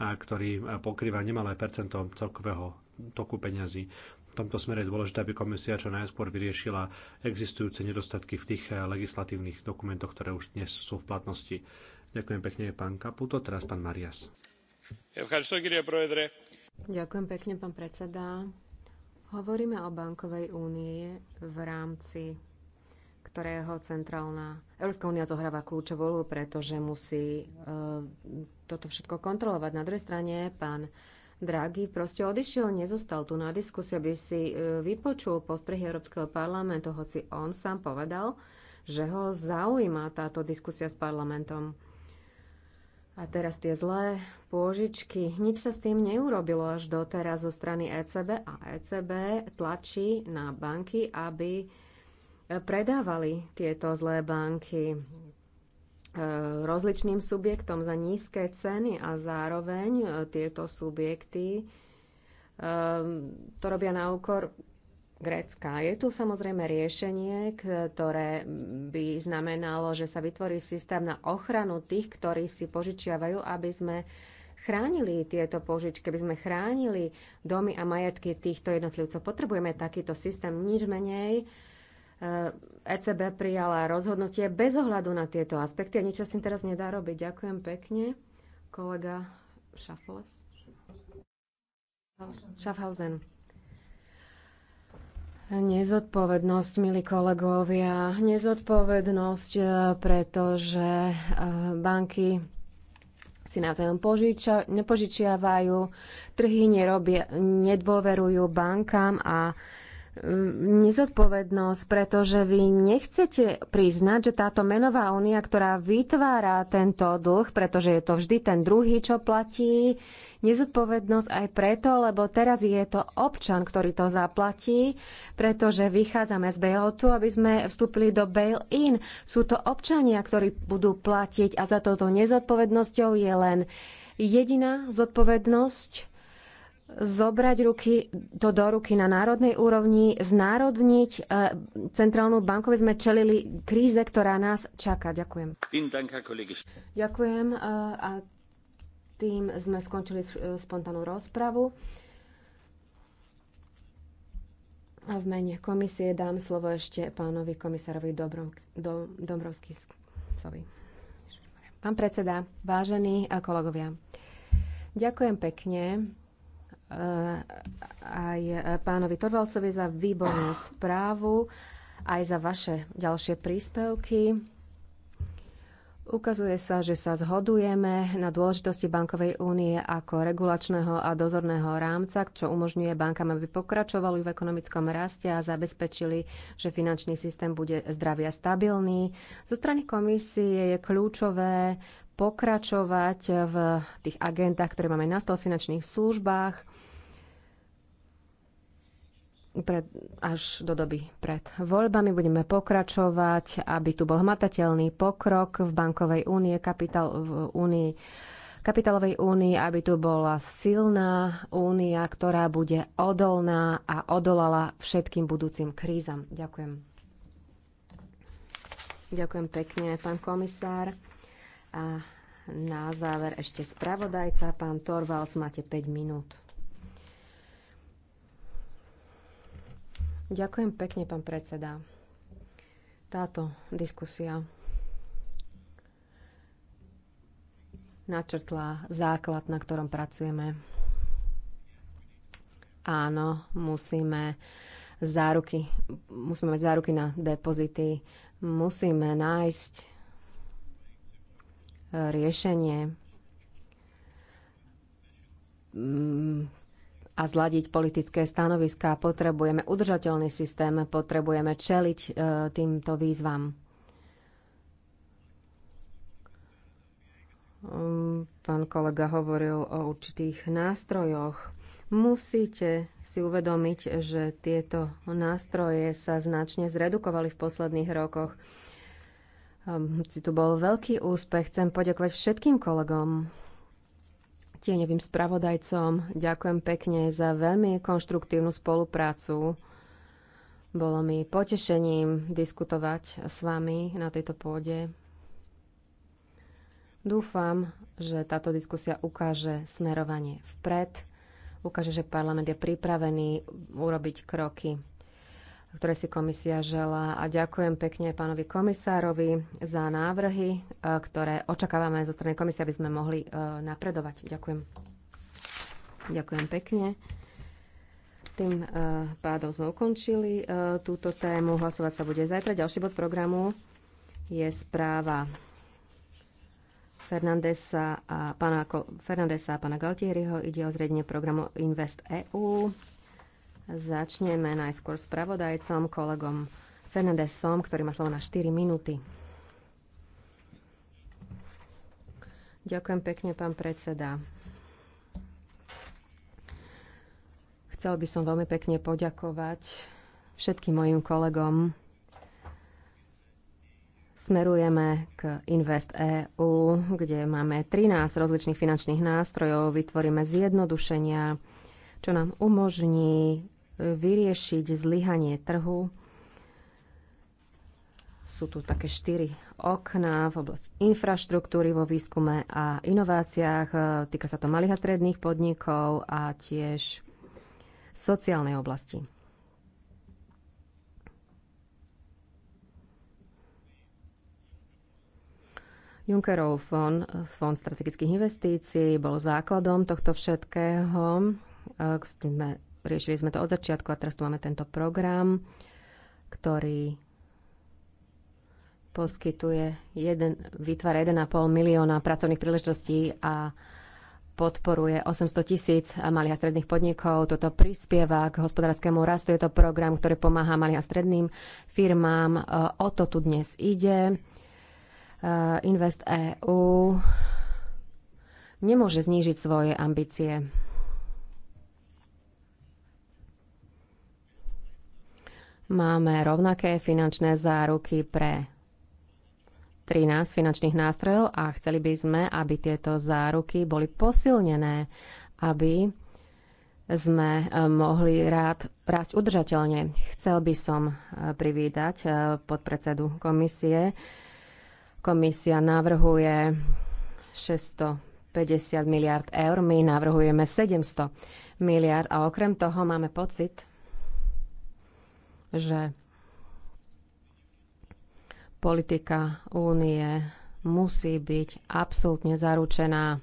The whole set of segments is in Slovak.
ktorý e, pokrýva nemalé percento celkového toku peňazí. V tomto smere je dôležité, aby komisia čo najskôr vyriešila existujúce nedostatky v tých e, legislatívnych dokumentoch, ktoré už dnes sú v platnosti. Ďakujem pekne, pán Kaputo, teraz pán Marias. Ďakujem pekne, pán predseda. Hovoríme o bankovej únie v rámci ktorého centrálna Európska únia zohráva kľúčovú úlohu, pretože musí e, toto všetko kontrolovať. Na druhej strane pán Draghi proste odišiel, nezostal tu na diskusiu, aby si e, vypočul postrehy Európskeho parlamentu, hoci on sám povedal, že ho zaujíma táto diskusia s parlamentom. A teraz tie zlé pôžičky. Nič sa s tým neurobilo až doteraz zo strany ECB a ECB tlačí na banky, aby predávali tieto zlé banky e, rozličným subjektom za nízke ceny a zároveň e, tieto subjekty e, to robia na úkor Grécka. Je tu samozrejme riešenie, ktoré by znamenalo, že sa vytvorí systém na ochranu tých, ktorí si požičiavajú, aby sme chránili tieto požičky, aby sme chránili domy a majetky týchto jednotlivcov. Potrebujeme takýto systém, nič menej. Uh, ECB e prijala rozhodnutie bez ohľadu na tieto aspekty a nič sa s tým teraz nedá robiť. Ďakujem pekne, kolega Šafoles. Schaffhausen. Nezodpovednosť, milí kolegovia, nezodpovednosť, e, pretože e, banky si navzájom požičia, nepožičiavajú, trhy nerobia, nedôverujú bankám a nezodpovednosť, pretože vy nechcete priznať, že táto menová únia, ktorá vytvára tento dlh, pretože je to vždy ten druhý, čo platí, nezodpovednosť aj preto, lebo teraz je to občan, ktorý to zaplatí, pretože vychádzame z bailoutu, aby sme vstúpili do bail-in. Sú to občania, ktorí budú platiť a za touto nezodpovednosťou je len jediná zodpovednosť zobrať ruky, to do ruky na národnej úrovni, znárodniť e, centrálnu banku, sme čelili kríze, ktorá nás čaká. Ďakujem. Ďakujem e, a tým sme skončili e, spontánnu rozpravu. A v mene komisie dám slovo ešte pánovi komisárovi Dobrom, do, Dombrovskisovi. Pán predseda, vážení kolegovia, ďakujem pekne Eh, aj eh, pánovi Torvalcovi za výbornú správu, aj za vaše ďalšie príspevky. Ukazuje sa, že sa zhodujeme na dôležitosti bankovej únie ako regulačného a dozorného rámca, čo umožňuje bankám, aby pokračovali v ekonomickom raste a zabezpečili, že finančný systém bude zdravý a stabilný. Zo strany komisie je kľúčové pokračovať v tých agentách, ktoré máme na stole v finančných službách pred, až do doby pred voľbami. Budeme pokračovať, aby tu bol hmatateľný pokrok v bankovej únie, kapitál v únii kapitálovej únii, aby tu bola silná únia, ktorá bude odolná a odolala všetkým budúcim krízam. Ďakujem. Ďakujem pekne, pán komisár. A na záver ešte spravodajca, pán Torvalds, máte 5 minút. Ďakujem pekne, pán predseda. Táto diskusia načrtla základ, na ktorom pracujeme. Áno, musíme záruky, musíme mať záruky na depozity, musíme nájsť e, riešenie mm, a zladiť politické stanoviská. Potrebujeme udržateľný systém, potrebujeme čeliť e, týmto výzvam. Mm, pán kolega hovoril o určitých nástrojoch. Musíte si uvedomiť, že tieto nástroje sa značne zredukovali v posledných rokoch. Si ehm, tu bol veľký úspech. Chcem poďakovať všetkým kolegom, tieňovým spravodajcom. Ďakujem pekne za veľmi konštruktívnu spoluprácu. Bolo mi potešením diskutovať s vami na tejto pôde. Dúfam, že táto diskusia ukáže smerovanie vpred, ukáže, že parlament je pripravený urobiť kroky ktoré si komisia želá. A ďakujem pekne pánovi komisárovi za návrhy, e, ktoré očakávame zo strany komisie, aby sme mohli e, napredovať. Ďakujem. Ďakujem pekne. Tým e, pádom sme ukončili túto tému. Hlasovať sa bude zajtra. Ďalší bod programu je správa Fernandesa a pána, Fernandesa a pána Galtieriho. Ide o zredenie programu Invest EU. Začneme najskôr s pravodajcom, kolegom Fernandesom, ktorý má slovo na 4 minúty. Ďakujem pekne, pán predseda. Chcel by som veľmi pekne poďakovať všetkým mojim kolegom. Smerujeme k Invest EU, kde máme 13 rozličných finančných nástrojov, vytvoríme zjednodušenia, čo nám umožní vyriešiť zlyhanie trhu. Sú tu také štyri okná v oblasti infraštruktúry vo výskume a inováciách. Týka sa to malých a stredných podnikov a tiež sociálnej oblasti. Junckerov fond, fond strategických investícií bol základom tohto všetkého. Riešili sme to od začiatku a teraz tu máme tento program, ktorý poskytuje jeden, vytvára 1,5 milióna pracovných príležitostí a podporuje 800 tisíc malých a stredných podnikov. Toto prispieva k hospodárskému rastu. Je to program, ktorý pomáha malým a stredným firmám. O to tu dnes ide. Eh, Invest EU nemôže znížiť svoje ambície. Máme rovnaké finančné záruky pre 13 finančných nástrojov a chceli by sme, aby tieto záruky boli posilnené, aby sme e, mohli rád rásť udržateľne. Chcel by som e, privídať e, podpredsedu komisie. Komisia navrhuje 650 miliard eur, my navrhujeme 700 miliard a okrem toho máme pocit, že politika únie musí byť absolútne zaručená,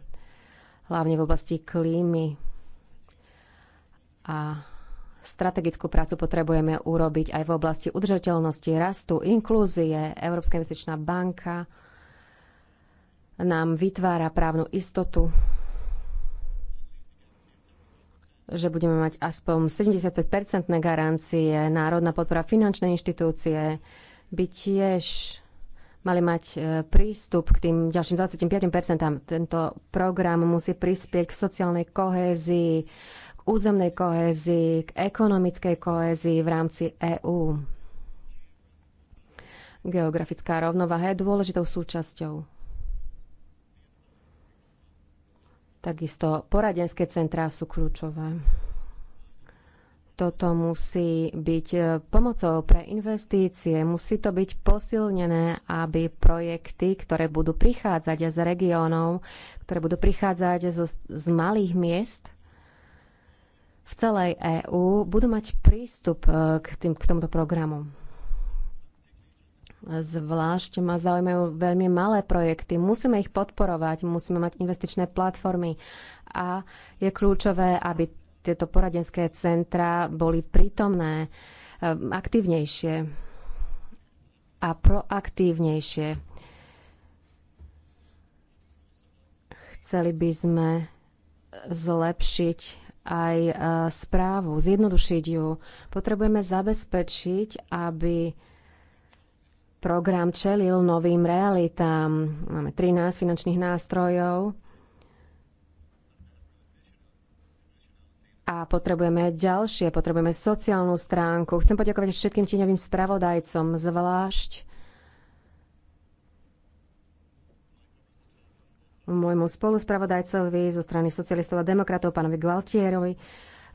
hlavne v oblasti klímy. A strategickú prácu potrebujeme urobiť aj v oblasti udržateľnosti, rastu, inklúzie. Európska investičná banka nám vytvára právnu istotu že budeme mať aspoň 75-percentné garancie, národná podpora finančnej inštitúcie by tiež mali mať e, prístup k tým ďalším 25%. Tento program musí prispieť k sociálnej kohézii, k územnej kohézii, k ekonomickej kohézii v rámci EÚ. Geografická rovnováha je dôležitou súčasťou Takisto poradenské centrá sú kľúčové. Toto musí byť e, pomocou pre investície, musí to byť posilnené, aby projekty, ktoré budú prichádzať z regiónov, ktoré budú prichádzať zo, z malých miest, v celej EÚ budú mať prístup e, k, tým, k tomuto programu. Zvlášť ma zaujímajú veľmi malé projekty. Musíme ich podporovať, musíme mať investičné platformy a je kľúčové, aby tieto poradenské centra boli prítomné, eh, aktívnejšie a proaktívnejšie. Chceli by sme zlepšiť aj eh, správu, zjednodušiť ju. Potrebujeme zabezpečiť, aby program čelil novým realitám. Máme 13 finančných nástrojov a potrebujeme ďalšie, potrebujeme sociálnu stránku. Chcem poďakovať všetkým tieňovým spravodajcom, zvlášť môjmu spoluspravodajcovi zo strany socialistov a demokratov, pánovi Gualtierovi,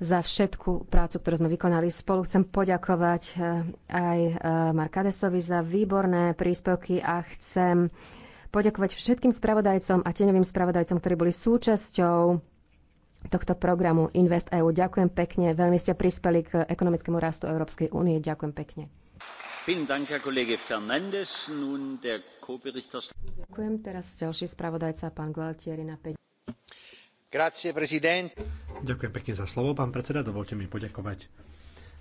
za všetku prácu, ktorú sme vykonali spolu. Chcem poďakovať eh, aj eh, Markadesovi za výborné príspevky a chcem poďakovať všetkým spravodajcom a tieňovým spravodajcom, ktorí boli súčasťou tohto programu Invest EU. Ďakujem pekne, veľmi ste prispeli k ekonomickému rastu Európskej únie. Ďakujem pekne. Ďakujem. Teraz ďalší spravodajca, pán Gualtieri na 5. Ďakujem pekne za slovo, pán predseda. Dovolte mi poďakovať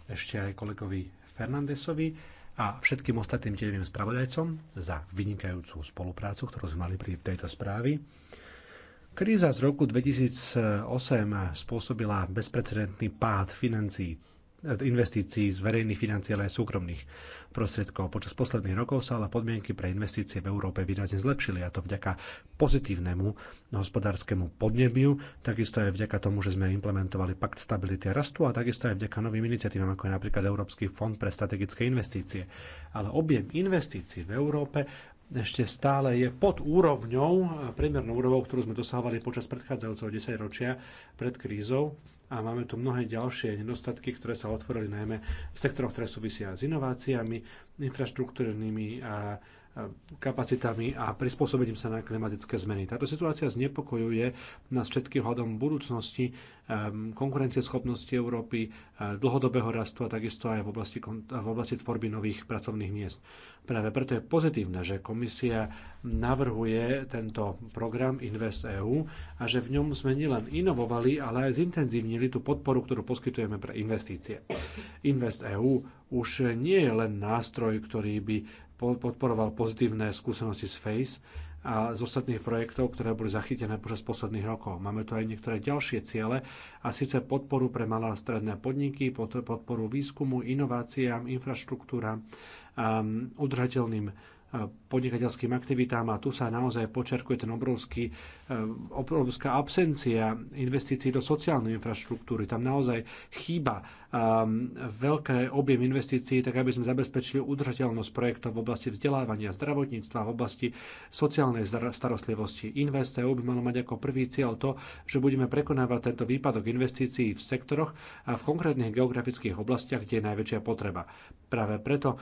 ešte aj kolegovi Fernandesovi a všetkým ostatným tieňovým spravodajcom za vynikajúcu spoluprácu, ktorú sme mali pri tejto správy. Kríza z roku 2008 spôsobila bezprecedentný pád financií investícií z verejných financií, ale aj súkromných prostriedkov. Počas posledných rokov sa ale podmienky pre investície v Európe výrazne zlepšili a to vďaka pozitívnemu hospodárskemu podnebiu, takisto aj vďaka tomu, že sme implementovali pakt stability a rastu a takisto aj vďaka novým iniciatívam, ako je napríklad Európsky fond pre strategické investície. Ale objem investícií v Európe ešte stále je pod úrovňou, priemernou úrovou, ktorú sme dosávali počas predchádzajúceho desaťročia pred krízou a máme tu mnohé ďalšie nedostatky, ktoré sa otvorili najmä v sektoroch, ktoré súvisia s inováciami, infraštruktúrnymi a kapacitami a prispôsobením sa na klimatické zmeny. Táto situácia znepokojuje nás všetkých hľadom budúcnosti, um, konkurencieschopnosti Európy, um, dlhodobého rastu a takisto aj v oblasti, v oblasti tvorby nových pracovných miest. Práve preto je pozitívne, že komisia navrhuje tento program Invest EU a že v ňom sme nielen inovovali, ale aj zintenzívnili tú podporu, ktorú poskytujeme pre investície. Invest EU už nie je len nástroj, ktorý by podporoval pozitívne skúsenosti z FACE a z ostatných projektov, ktoré boli zachytené počas posledných rokov. Máme tu aj niektoré ďalšie ciele, a síce podporu pre malé a stredné podniky, podporu výskumu, inováciám, infraštruktúram, um, udržateľným uh, podnikateľským aktivitám a tu sa naozaj počerkuje ten obrovský, uh, obrovská absencia investícií do sociálnej infraštruktúry. Tam naozaj chýba veľké objem investícií, tak aby sme zabezpečili udržateľnosť projektov v oblasti vzdelávania, zdravotníctva, v oblasti sociálnej starostlivosti. InvestEU by malo mať ako prvý cieľ to, že budeme prekonávať tento výpadok investícií v sektoroch a v konkrétnych geografických oblastiach, kde je najväčšia potreba. Práve preto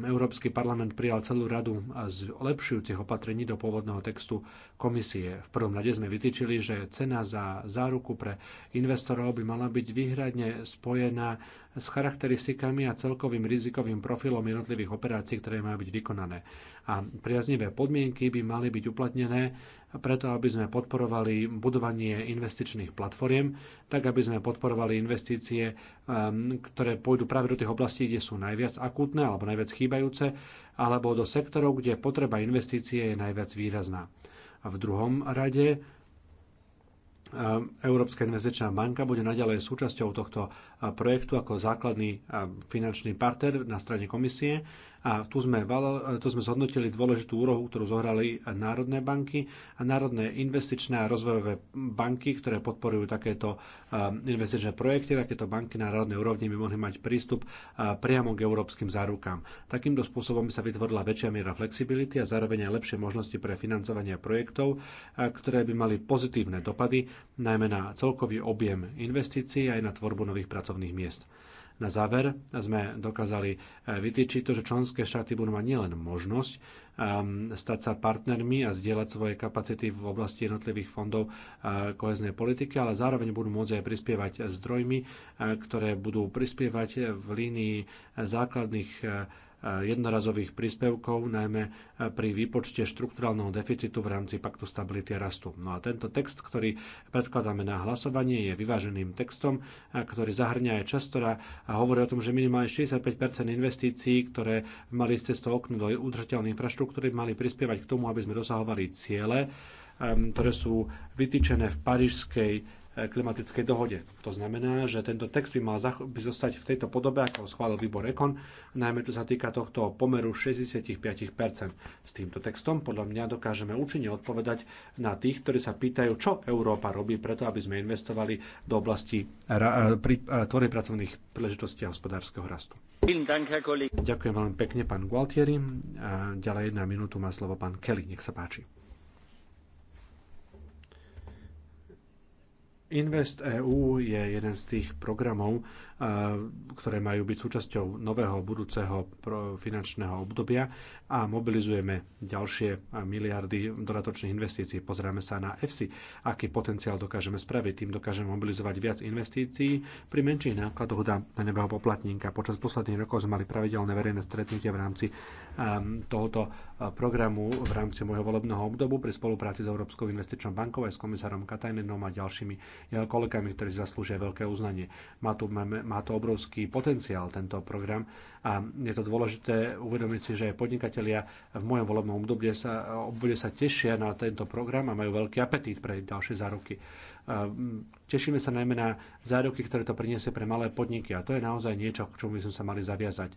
Európsky parlament prijal celú radu zlepšujúcich opatrení do pôvodného textu komisie. V prvom rade sme vytýčili, že cena za záruku pre investorov by mala byť výhradne spojená s charakteristikami a celkovým rizikovým profilom jednotlivých operácií, ktoré majú byť vykonané. A priaznivé podmienky by mali byť uplatnené preto, aby sme podporovali budovanie investičných platform, tak aby sme podporovali investície, ehm, ktoré pôjdu práve do tých oblastí, kde sú najviac akútne alebo najviac chýbajúce, alebo do sektorov, kde potreba investície je najviac výrazná. A v druhom rade e, Európska investičná banka bude naďalej súčasťou tohto e, projektu ako základný e, finančný partner na strane komisie a tu sme, tu sme zhodnotili dôležitú úrohu, ktorú zohrali národné banky a národné investičné a rozvojové banky, ktoré podporujú takéto eh, investičné projekty. Takéto banky na národnej úrovni by mohli mať prístup eh, priamo k európskym zárukám. Takýmto spôsobom sa vytvorila väčšia miera flexibility a zároveň aj lepšie možnosti pre financovanie projektov, eh, ktoré by mali pozitívne dopady najmä na celkový objem investícií aj na tvorbu nových pracovných miest. Na záver sme dokázali eh, vytýčiť to, že členské štáty budú mať nielen možnosť ehm, stať sa partnermi a zdieľať svoje kapacity v oblasti jednotlivých fondov eh, koheznej politiky, ale zároveň budú môcť aj prispievať zdrojmi, eh, ktoré budú prispievať v línii základných jednorazových príspevkov, najmä eh, pri výpočte štrukturálneho deficitu v rámci Paktu stability a rastu. No a tento text, ktorý predkladáme na hlasovanie, je vyváženým textom, eh, ktorý zahrňa aj častora a hovorí o tom, že minimálne 65 investícií, ktoré mali z cestou okno do udržateľnej infraštruktúry, mali prispievať k tomu, aby sme dosahovali ciele, eh, ktoré sú vytýčené v parížskej E, klimatickej dohode. To znamená, že tento text by mal by zostať v tejto podobe, ako ho schválil výbor Ekon, najmä čo sa týka tohto pomeru 65%. S týmto textom podľa mňa dokážeme účinne odpovedať na tých, ktorí sa pýtajú, čo Európa robí preto, aby sme investovali do oblasti tvorby pracovných príležitostí a hospodárskeho rastu. Ďakujem veľmi pekne, pán Gualtieri. A ďalej jedna minútu má slovo pán Kelly. Nech sa páči. Invest EU je jeden z tých programov, ktoré majú byť súčasťou nového budúceho finančného obdobia a mobilizujeme ďalšie miliardy dodatočných investícií. Pozeráme sa na EFSI, aký potenciál dokážeme spraviť. Tým dokážeme mobilizovať viac investícií pri menších nákladoch na nebeho poplatníka. Počas posledných rokov sme mali pravidelné verejné stretnutie v rámci um, tohoto uh, programu v rámci môjho volebného obdobu pri spolupráci s Európskou investičnou bankou aj s komisárom Katajnenom a ďalšími jeho kolegami, ktorí zaslúžia veľké uznanie. Má tu, máme, má to obrovský potenciál, tento program. A je to dôležité uvedomiť si, že podnikatelia v mojom volebnom období sa, obvode sa tešia na tento program a majú veľký apetít pre ďalšie záruky. Tešíme sa najmä na záruky, ktoré to priniesie pre malé podniky a to je naozaj niečo, k čomu by sme sa mali zaviazať.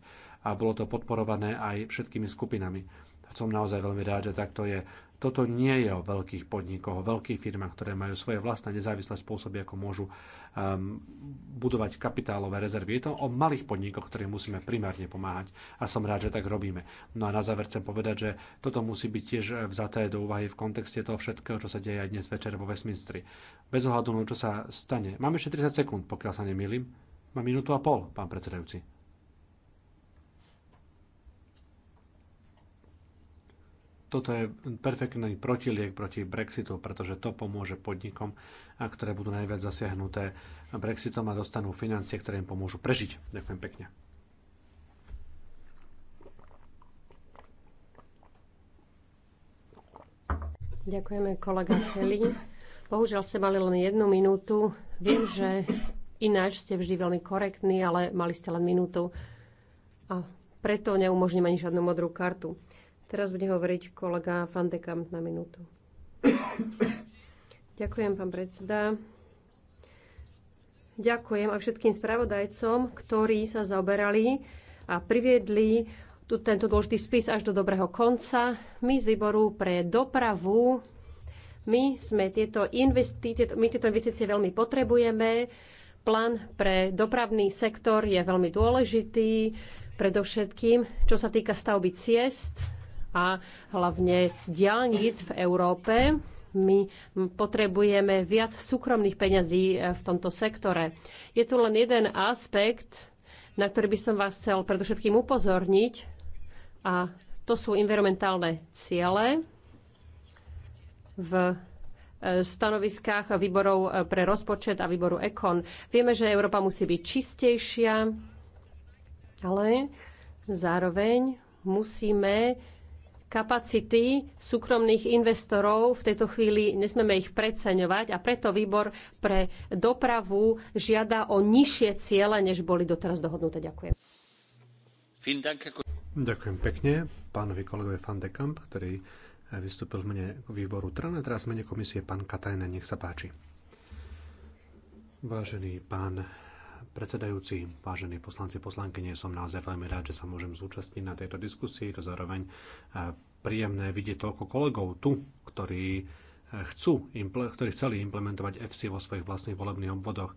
A bolo to podporované aj všetkými skupinami. Som naozaj veľmi rád, že takto je toto nie je o veľkých podnikoch, o veľkých firmách, ktoré majú svoje vlastné nezávislé spôsoby, ako môžu Um, budovať kapitálové rezervy. Je to o malých podnikoch, ktorým musíme primárne pomáhať a som rád, že tak robíme. No a na záver chcem povedať, že toto musí byť tiež vzaté do úvahy v kontexte toho všetkého, čo sa deje aj dnes večer vo Westminstri. Bez ohľadu na čo sa stane. Mám ešte 30 sekúnd, pokiaľ sa nemýlim. Mám minútu a pol, pán predsedajúci. toto je perfektný protiliek proti Brexitu, pretože to pomôže podnikom, ktoré budú najviac zasiahnuté Brexitom a dostanú financie, ktoré im pomôžu prežiť. Ďakujem pekne. Ďakujeme kolega Kelly. Bohužiaľ ste mali len jednu minútu. Viem, že ináč ste vždy veľmi korektní, ale mali ste len minútu a preto neumožním ani žiadnu modrú kartu. Teraz bude hovoriť kolega Van na minútu. Ďakujem, pán predseda. Ďakujem aj všetkým spravodajcom, ktorí sa zaoberali a priviedli tento dôležitý spis až do dobrého konca. My z výboru pre dopravu, my sme tieto investície, my tieto investície veľmi potrebujeme. Plán pre dopravný sektor je veľmi dôležitý, predovšetkým čo sa týka stavby ciest, a hlavne diálnic v Európe. My potrebujeme viac súkromných peňazí eh, v tomto sektore. Je tu len jeden aspekt, na ktorý by som vás chcel predovšetkým upozorniť a to sú environmentálne ciele v eh, stanoviskách výborov eh, pre rozpočet a výboru EKON. Vieme, že Európa musí byť čistejšia, ale zároveň musíme kapacity súkromných investorov v tejto chvíli nesmeme ich preceňovať a preto výbor pre dopravu žiada o nižšie ciele, než boli doteraz dohodnuté. Ďakujem. Ďakujem pekne pánovi kolegovi Van de Kamp, ktorý eh, vystúpil v mene výboru TRAN a teraz v mene komisie pán Katajne, nech sa páči. Vážený pán predsedajúci, vážení poslanci, poslankyne, som naozaj veľmi rád, že sa môžem zúčastniť na tejto diskusii. To zároveň eh, príjemné vidieť toľko kolegov tu, ktorí, eh, chcú, ktorí chceli implementovať FC vo svojich vlastných volebných obvodoch.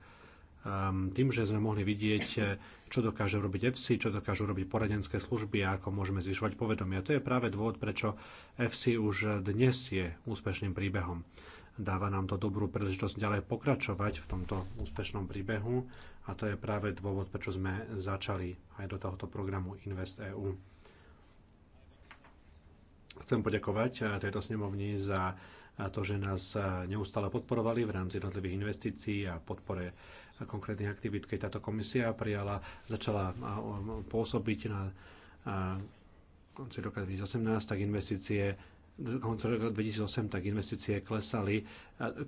Ehm, tým, že sme mohli vidieť, eh, čo dokáže robiť FC, čo dokážu robiť poradenské služby a ako môžeme zvyšovať povedomia. To je práve dôvod, prečo FC už dnes je úspešným príbehom. Dáva nám to dobrú príležitosť ďalej pokračovať v tomto úspešnom príbehu a to je práve dôvod, prečo sme začali aj do tohoto programu Invest EU. Chcem poďakovať tejto snemovni za to, že nás neustále podporovali v rámci jednotlivých investícií a podpore konkrétnych aktivít, keď táto komisia prijala, začala pôsobiť na konci roka 2018, tak investície koncu roka 2008 tak investície klesali,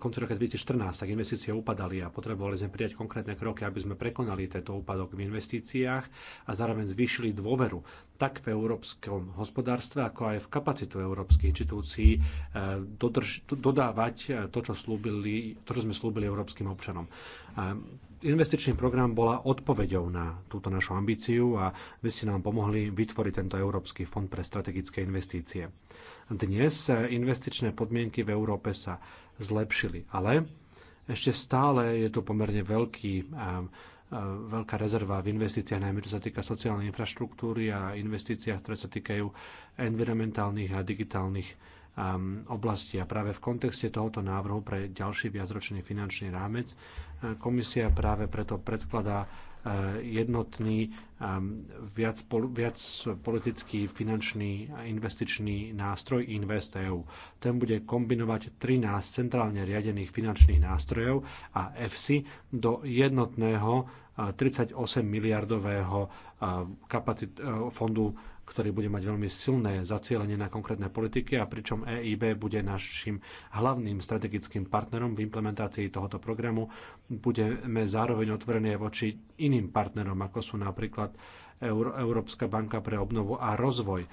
koncu roka 2014 tak investície upadali a potrebovali sme prijať konkrétne kroky, aby sme prekonali tento úpadok v investíciách a zároveň zvýšili dôveru tak v európskom hospodárstve, ako aj v kapacitu európskych inštitúcií e, dodrž, dodávať e, to, čo, slúbili, to, čo sme slúbili európskym občanom investičný program bola odpoveďou na túto našu ambíciu a vy ste nám pomohli vytvoriť tento Európsky fond pre strategické investície. Dnes investičné podmienky v Európe sa zlepšili, ale ešte stále je tu pomerne veľký eh, eh, veľká rezerva v investíciách, najmä čo sa týka sociálnej infraštruktúry a investíciách, ktoré sa týkajú environmentálnych a digitálnych eh, oblasti. A práve v kontexte tohoto návrhu pre ďalší viacročný finančný rámec komisia práve preto predkladá jednotný, viac, viac politický, finančný a investičný nástroj InvestEU. Ten bude kombinovať 13 centrálne riadených finančných nástrojov a EFSI do jednotného 38 miliardového kapacit, e, fondu ktorý bude mať veľmi silné zacielenie na konkrétne politiky a pričom EIB bude našim hlavným strategickým partnerom v implementácii tohoto programu. Budeme zároveň otvorení voči iným partnerom, ako sú napríklad Európska banka pre obnovu a rozvoj, e,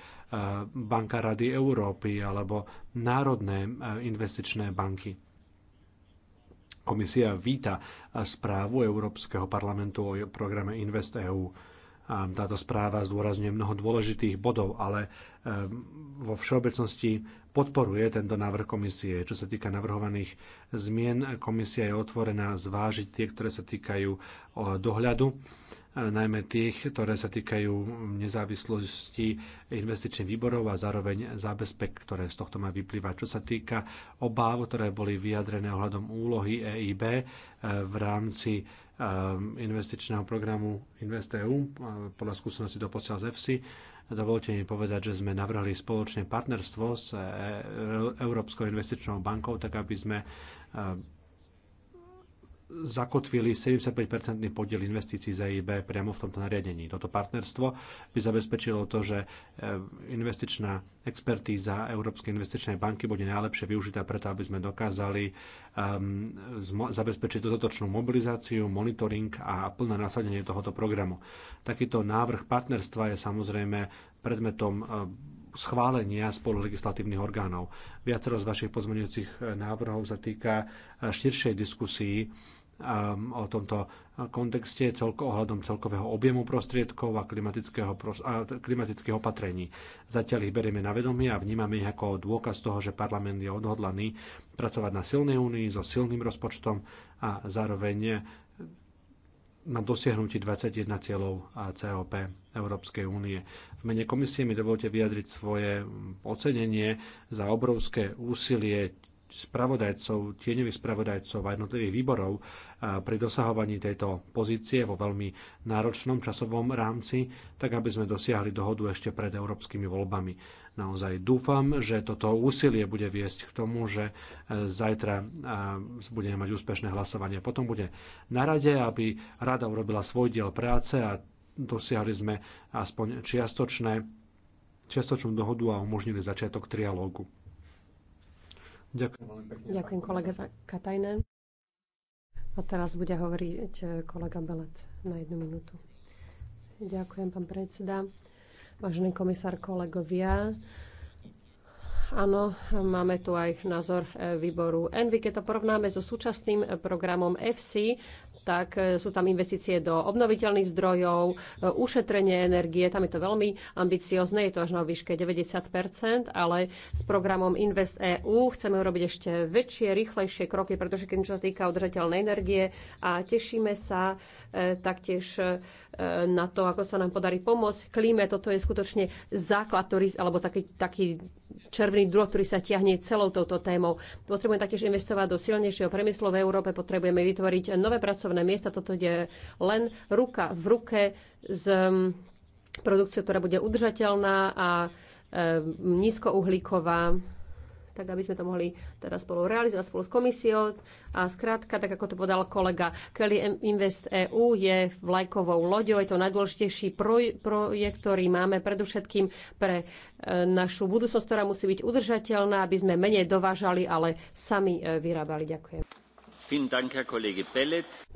Banka Rady Európy alebo národné e, investičné banky. Komisia víta správu Európskeho parlamentu o programe InvestEU. EU táto správa zdôrazňuje mnoho dôležitých bodov, ale e, vo všeobecnosti podporuje tento návrh komisie. Čo sa týka navrhovaných zmien, komisia je otvorená zvážiť tie, ktoré sa týkajú e, dohľadu najmä tých, ktoré sa týkajú nezávislosti investičných výborov a zároveň zábezpek, ktoré z tohto má vyplývať. Čo sa týka obáv, ktoré boli vyjadrené ohľadom úlohy EIB eh, v rámci eh, investičného programu InvestEU eh, podľa skúsenosti do posiaľ z EFSI, Dovolte mi povedať, že sme navrhli spoločné partnerstvo s Európskou investičnou bankou, tak aby sme zakotvili 75-percentný podiel investícií z EIB priamo v tomto nariadení. Toto partnerstvo by zabezpečilo to, že eh, investičná expertíza Európskej investičnej banky bude najlepšie využitá preto, aby sme dokázali um, zabezpečiť dodatočnú mobilizáciu, monitoring a plné nasadenie tohoto programu. Takýto návrh partnerstva je samozrejme predmetom eh, schválenia spolu legislatívnych orgánov. Viacero z vašich pozmeňujúcich návrhov sa týka širšej diskusii um, o tomto kontexte celko, ohľadom celkového objemu prostriedkov a klimatického, a opatrení. Zatiaľ ich berieme na vedomie a vnímame ich ako dôkaz toho, že parlament je odhodlaný pracovať na silnej únii so silným rozpočtom a zároveň na dosiahnutí 21 cieľov COP Európskej únie. V mene komisie mi dovolte vyjadriť svoje ocenenie za obrovské úsilie spravodajcov, tieňových spravodajcov a jednotlivých výborov pri dosahovaní tejto pozície vo veľmi náročnom časovom rámci, tak aby sme dosiahli dohodu ešte pred európskymi voľbami. Naozaj dúfam, že toto úsilie bude viesť k tomu, že e, zajtra budeme mať úspešné hlasovanie. Potom bude na rade, aby rada urobila svoj diel práce a dosiahli sme aspoň čiastočné, čiastočnú dohodu a umožnili začiatok trialógu. Ďakujem Ďakujem kolega za Katajnen. A teraz bude hovoriť eh, kolega Belet na jednu minútu. Ďakujem, pán predseda. Vážený komisár, kolegovia. Áno, máme tu aj názor eh, výboru Envy. Keď to porovnáme so súčasným eh, programom FC, tak e, sú tam investície do obnoviteľných zdrojov, e, ušetrenie energie, tam je to veľmi ambiciozne, je to až na výške 90 ale s programom Invest EU chceme urobiť ešte väčšie, rýchlejšie kroky, pretože keď sa týka udržateľnej energie a tešíme sa e, taktiež e, na to, ako sa nám podarí pomôcť klíme. Toto je skutočne základ, ktorý, alebo taký, taký červený druh, ktorý sa tiahne celou touto témou. Potrebujeme taktiež investovať do silnejšieho priemyslu v Európe, potrebujeme vytvoriť nové pracovné pracovné miesta. Toto ide len ruka v ruke s mm, produkciou, ktorá bude udržateľná a mm, nízkouhlíková tak aby sme to mohli teraz spolu realizovať spolu s komisiou. A skrátka, tak ako to podal kolega Kelly Invest EU, je vlajkovou loďou. Je to najdôležitejší proj- projekt, ktorý máme predovšetkým pre e, našu budúcnosť, ktorá musí byť udržateľná, aby sme menej dovážali, ale sami e, vyrábali. Ďakujem.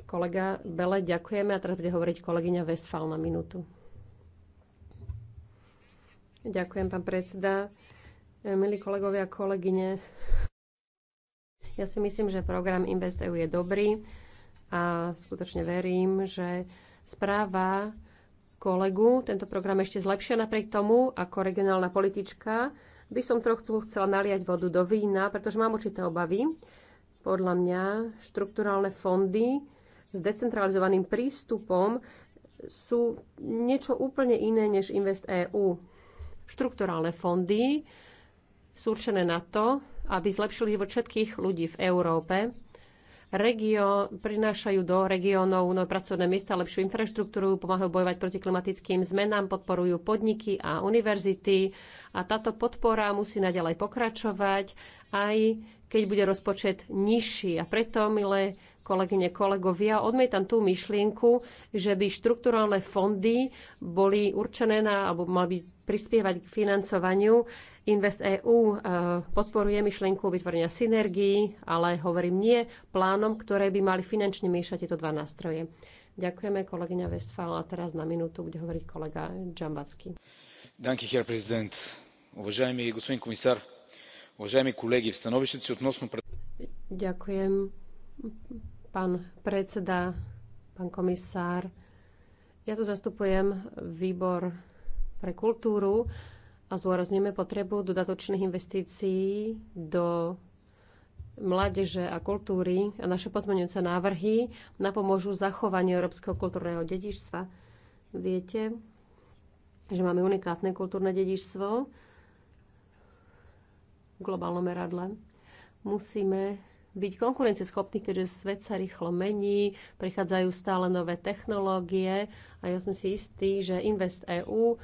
Kolega Bele, ďakujeme. A teraz bude hovoriť kolegyňa Westfál na minútu. Ďakujem, pán predseda. E, milí kolegovia a kolegyne, ja si myslím, že program InvestEU je dobrý a skutočne verím, že správa kolegu tento program ešte zlepšia napriek tomu, ako regionálna politička by som trochu chcela naliať vodu do vína, pretože mám určité obavy, podľa mňa štrukturálne fondy s decentralizovaným prístupom sú niečo úplne iné než Invest EU. Štrukturálne fondy sú určené na to, aby zlepšili život všetkých ľudí v Európe. Regio, prinášajú do regiónov nové pracovné miesta, lepšiu infraštruktúru, pomáhajú bojovať proti klimatickým zmenám, podporujú podniky a univerzity. A táto podpora musí naďalej pokračovať aj keď bude rozpočet nižší. A preto, milé kolegyne, kolegovia, odmietam tú myšlienku, že by štrukturálne fondy boli určené na, alebo mali by prispievať k financovaniu. Invest EU e, podporuje myšlienku vytvorenia synergií, ale hovorím nie plánom, ktoré by mali finančne miešať tieto dva nástroje. Ďakujeme, kolegyňa Westfall A teraz na minútu bude hovoriť kolega Džambacký. Ďakujem, Herr prezident. Уважаеми господин komisár. Уважаеми колеги, в становището си относно... Ďakujem, pán predseda, pán komisár. Ja tu zastupujem výbor pre kultúru a zdôrazňujeme potrebu dodatočných investícií do mládeže a kultúry a naše pozmeňujúce návrhy napomôžu zachovaniu európskeho kultúrneho dedičstva. Viete, že máme unikátne kultúrne dedičstvo, v globálnom meradle. Musíme byť konkurencieschopní, keďže svet sa rýchlo mení, prichádzajú stále nové technológie a ja som si istý, že Invest EU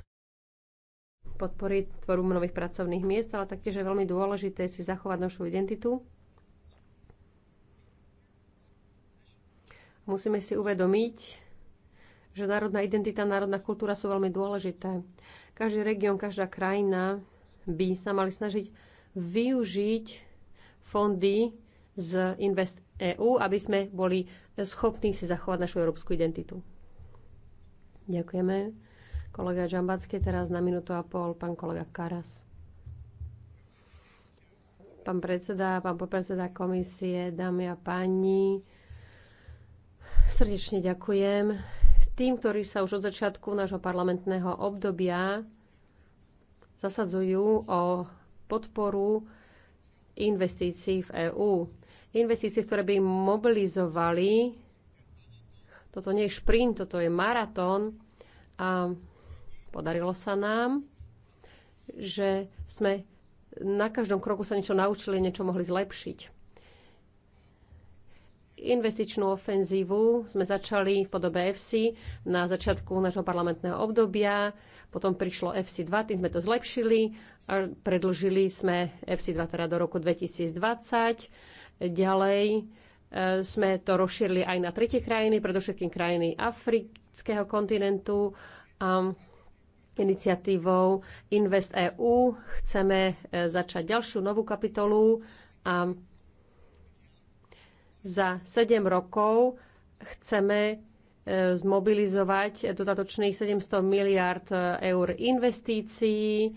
podporí tvorbu nových pracovných miest, ale taktiež je veľmi dôležité si zachovať našu identitu. Musíme si uvedomiť, že národná identita, národná kultúra sú veľmi dôležité. Každý región, každá krajina by sa mali snažiť využiť fondy z Invest EU, aby sme boli schopní si zachovať našu európsku identitu. Ďakujeme. Kolega Džambacký, teraz na minútu a pol pán kolega Karas. Pán predseda, pán podpredseda komisie, dámy a páni, srdečne ďakujem tým, ktorí sa už od začiatku nášho parlamentného obdobia zasadzujú o podporu investícií v EÚ. Investície, ktoré by mobilizovali, toto nie je šprint, toto je maratón a podarilo sa nám, že sme na každom kroku sa niečo naučili, niečo mohli zlepšiť investičnú ofenzívu sme začali v podobe FC na začiatku nášho parlamentného obdobia, potom prišlo FC2, tým sme to zlepšili a predlžili sme FC2 teda do roku 2020. Ďalej e, sme to rozšírili aj na tretie krajiny, predovšetkým krajiny afrického kontinentu a iniciatívou Invest EU chceme e, začať ďalšiu novú kapitolu a za 7 rokov chceme e, zmobilizovať dodatočných 700 miliard eur investícií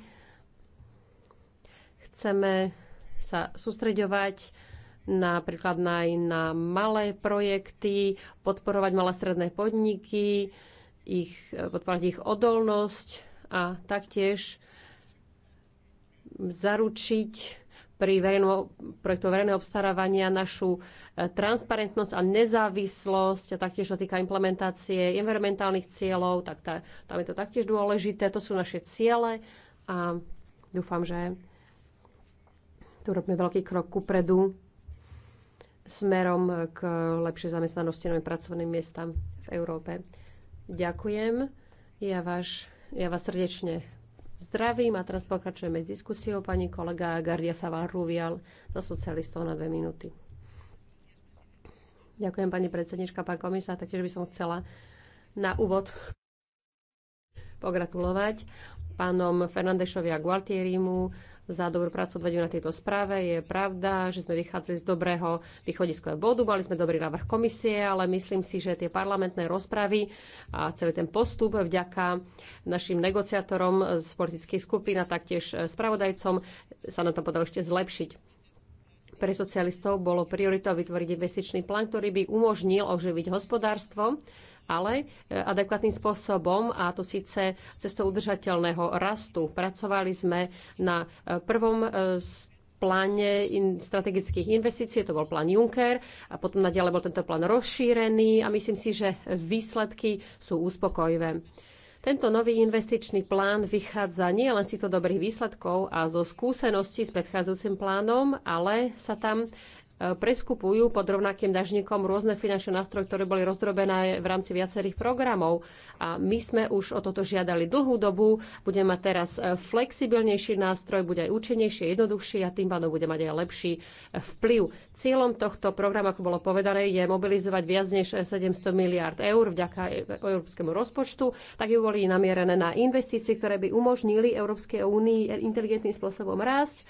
Chceme sa sústreďovať napríklad aj na malé projekty, podporovať malé stredné podniky, ich, podporovať ich odolnosť a taktiež zaručiť pri verejno, projektu verejného obstarávania našu e, transparentnosť a nezávislosť a taktiež sa týka implementácie environmentálnych cieľov, tak tá, tam je to taktiež dôležité. To sú naše ciele a dúfam, že tu robíme veľký krok kupredu smerom k lepšej zamestnanosti novým pracovným miestam v Európe. Ďakujem. Ja, váš, ja vás srdečne zdravím a teraz pokračujeme s diskusiou pani kolega Gardia Saval za socialistov na dve minúty. Ďakujem pani predsednička, pán komisár. Taktiež by som chcela na úvod pogratulovať pánom Fernandešovi a Gualtierimu za dobrú prácu odvedenú na tejto správe. Je pravda, že sme vychádzali z dobrého východiskového bodu, mali sme dobrý návrh komisie, ale myslím si, že tie parlamentné rozpravy a celý ten postup vďaka našim negociátorom z politických skupín a taktiež spravodajcom sa nám to podalo ešte zlepšiť. Pre socialistov bolo prioritou vytvoriť investičný plán, ktorý by umožnil oživiť hospodárstvo ale e, adekvátnym spôsobom a to síce cestou udržateľného rastu. Pracovali sme na e, prvom e, pláne strategických investícií, to bol plán Juncker a potom naďalej bol tento plán rozšírený a myslím si, že výsledky sú uspokojivé. Tento nový investičný plán vychádza nie len z týchto dobrých výsledkov a zo skúseností s predchádzajúcim plánom, ale sa tam E, preskupujú pod rovnakým dažníkom rôzne finančné nástroje, ktoré boli rozdrobené v rámci viacerých programov. A my sme už o toto žiadali dlhú dobu, budeme mať teraz e, flexibilnejší nástroj, bude aj účinnejší, jednoduchší a tým pádom bude mať aj lepší e, vplyv. Cieľom tohto programu, ako bolo povedané, je mobilizovať viac než 700 miliard eur vďaka európskemu rozpočtu, tak ju boli namierené na investície, ktoré by umožnili Európskej únii inteligentným spôsobom rásť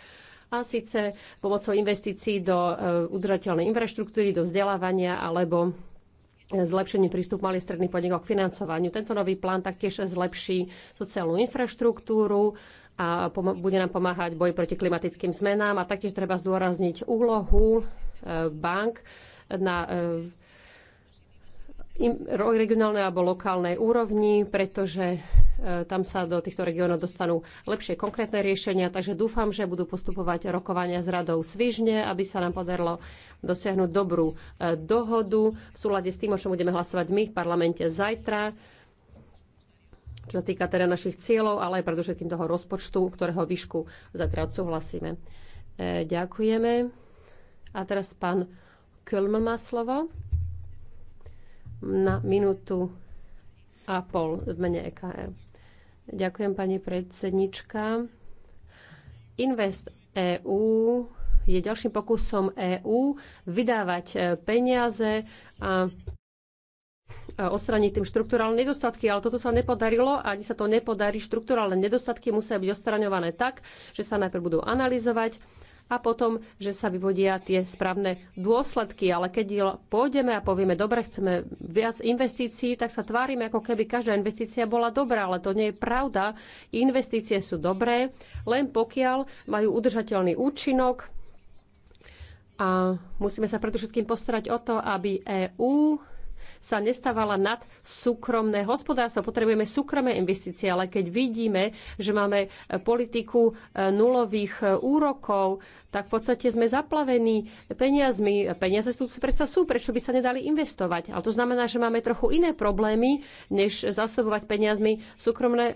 a síce pomocou investícií do e, udržateľnej infraštruktúry, do vzdelávania alebo zlepšenie prístup malých stredných podnikov k financovaniu. Tento nový plán taktiež zlepší sociálnu infraštruktúru a bude nám pomáhať boj proti klimatickým zmenám a taktiež treba zdôrazniť úlohu e, bank na e, regionálnej alebo lokálnej úrovni, pretože e, tam sa do týchto regiónov dostanú lepšie konkrétne riešenia, takže dúfam, že budú postupovať rokovania s radou svižne, aby sa nám podarilo dosiahnuť dobrú e, dohodu v súlade s tým, o čom budeme hlasovať my v parlamente zajtra čo sa týka teda našich cieľov, ale aj predovšetkým toho rozpočtu, ktorého výšku zatiaľ odsúhlasíme. E, ďakujeme. A teraz pán Kölm má slovo na minútu a pol v mene EKR. Ďakujem, pani predsednička. Invest EU je ďalším pokusom EÚ vydávať e, peniaze a odstrániť tým štruktúrálne nedostatky, ale toto sa nepodarilo a ani sa to nepodarí. Štruktúrálne nedostatky musia byť odstraňované tak, že sa najprv budú analyzovať a potom, že sa vyvodia tie správne dôsledky. Ale keď pôjdeme a povieme, dobre, chceme viac investícií, tak sa tvárime, ako keby každá investícia bola dobrá, ale to nie je pravda. Investície sú dobré, len pokiaľ majú udržateľný účinok, a musíme sa predovšetkým postarať o to, aby EÚ sa nestávala nad súkromné hospodárstvo. Potrebujeme súkromné investície, ale keď vidíme, že máme e, politiku e, nulových e, úrokov, tak v podstate sme zaplavení peniazmi. Peniaze sú predsa sú, prečo by sa nedali investovať. Ale to znamená, že máme trochu iné problémy, než zasobovať peniazmi súkromné e,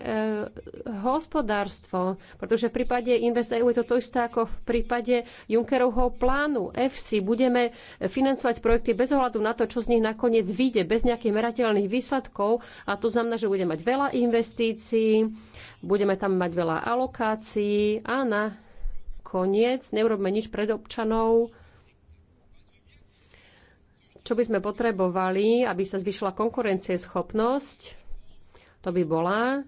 hospodárstvo. Pretože v prípade InvestEU je to to isté ako v prípade Junckerovho plánu FC. Budeme financovať projekty bez ohľadu na to, čo z nich nakoniec vyjde bude bez nejakých merateľných výsledkov a to znamená, že bude mať veľa investícií, budeme tam mať veľa alokácií a na koniec neurobme nič pred občanov, čo by sme potrebovali, aby sa zvyšila konkurencieschopnosť, to by bola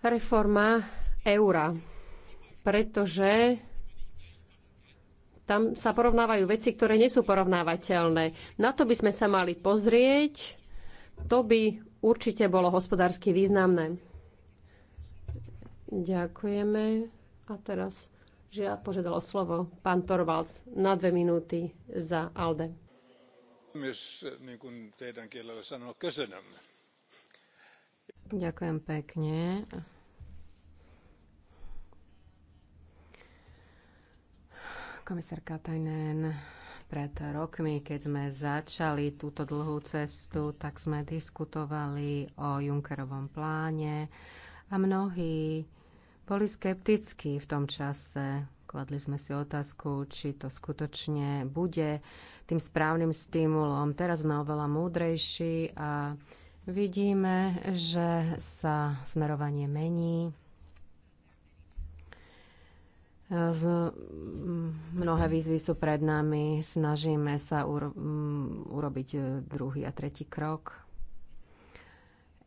reforma eura. Pretože tam sa porovnávajú veci, ktoré nie sú porovnávateľné. Na to by sme sa mali pozrieť. To by určite bolo hospodársky významné. Ďakujeme. A teraz že ja požiadal o slovo pán Torvalds na dve minúty za ALDE. Ďakujem pekne. Komisárka Tajnen, pred rokmi, keď sme začali túto dlhú cestu, tak sme diskutovali o Junckerovom pláne a mnohí boli skeptickí v tom čase. Kladli sme si otázku, či to skutočne bude tým správnym stimulom. Teraz sme oveľa múdrejší a vidíme, že sa smerovanie mení. Z, mm, mnohé výzvy sú pred nami, snažíme sa uro, um, urobiť e, druhý a tretí krok.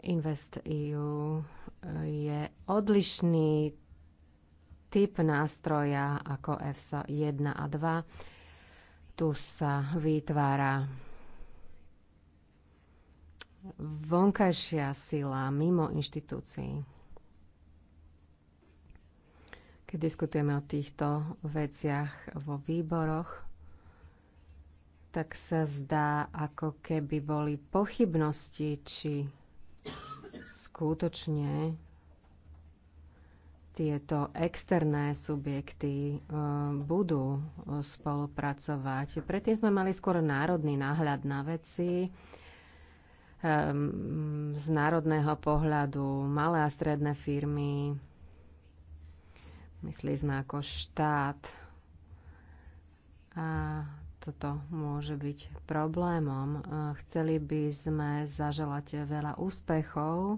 Invest EU e, je odlišný typ nástroja ako EFSA 1 a 2. Tu sa vytvára vonkajšia sila mimo inštitúcií keď diskutujeme o týchto veciach vo výboroch, tak sa zdá, ako keby boli pochybnosti, či skutočne tieto externé subjekty e, budú spolupracovať. Predtým sme mali skôr národný náhľad na veci ehm, z národného pohľadu malé a stredné firmy, myslí sme ako štát. A toto môže byť problémom. Chceli by sme zaželať veľa úspechov e,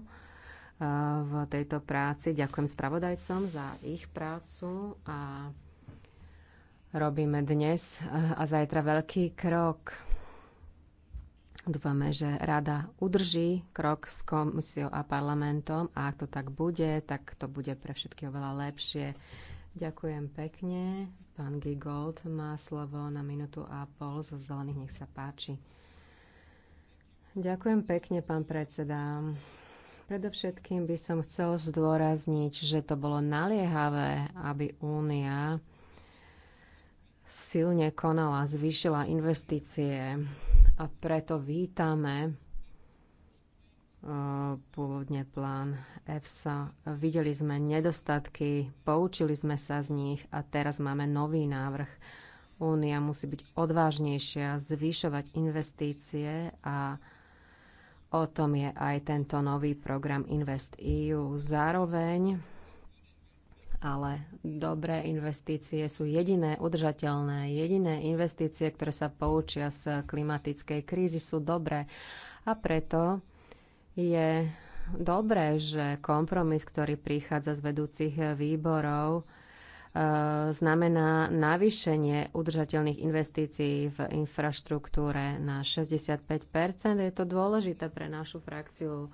v tejto práci. Ďakujem spravodajcom za ich prácu a robíme dnes a zajtra veľký krok Dúfame, že rada udrží krok s komisiou a parlamentom a ak to tak bude, tak to bude pre všetky oveľa lepšie. Ďakujem pekne. Pán Gigold má slovo na minútu a pol zo zelených, nech sa páči. Ďakujem pekne, pán predseda. Predovšetkým by som chcel zdôrazniť, že to bolo naliehavé, aby Únia silne konala, zvýšila investície a preto vítame e, pôvodne plán EFSA. Videli sme nedostatky, poučili sme sa z nich a teraz máme nový návrh. Únia musí byť odvážnejšia, zvyšovať investície a o tom je aj tento nový program Invest EU. Zároveň ale dobré investície sú jediné udržateľné. Jediné investície, ktoré sa poučia z klimatickej krízy, sú dobré. A preto je dobré, že kompromis, ktorý prichádza z vedúcich výborov, e, znamená navýšenie udržateľných investícií v infraštruktúre na 65 Je to dôležité pre našu frakciu,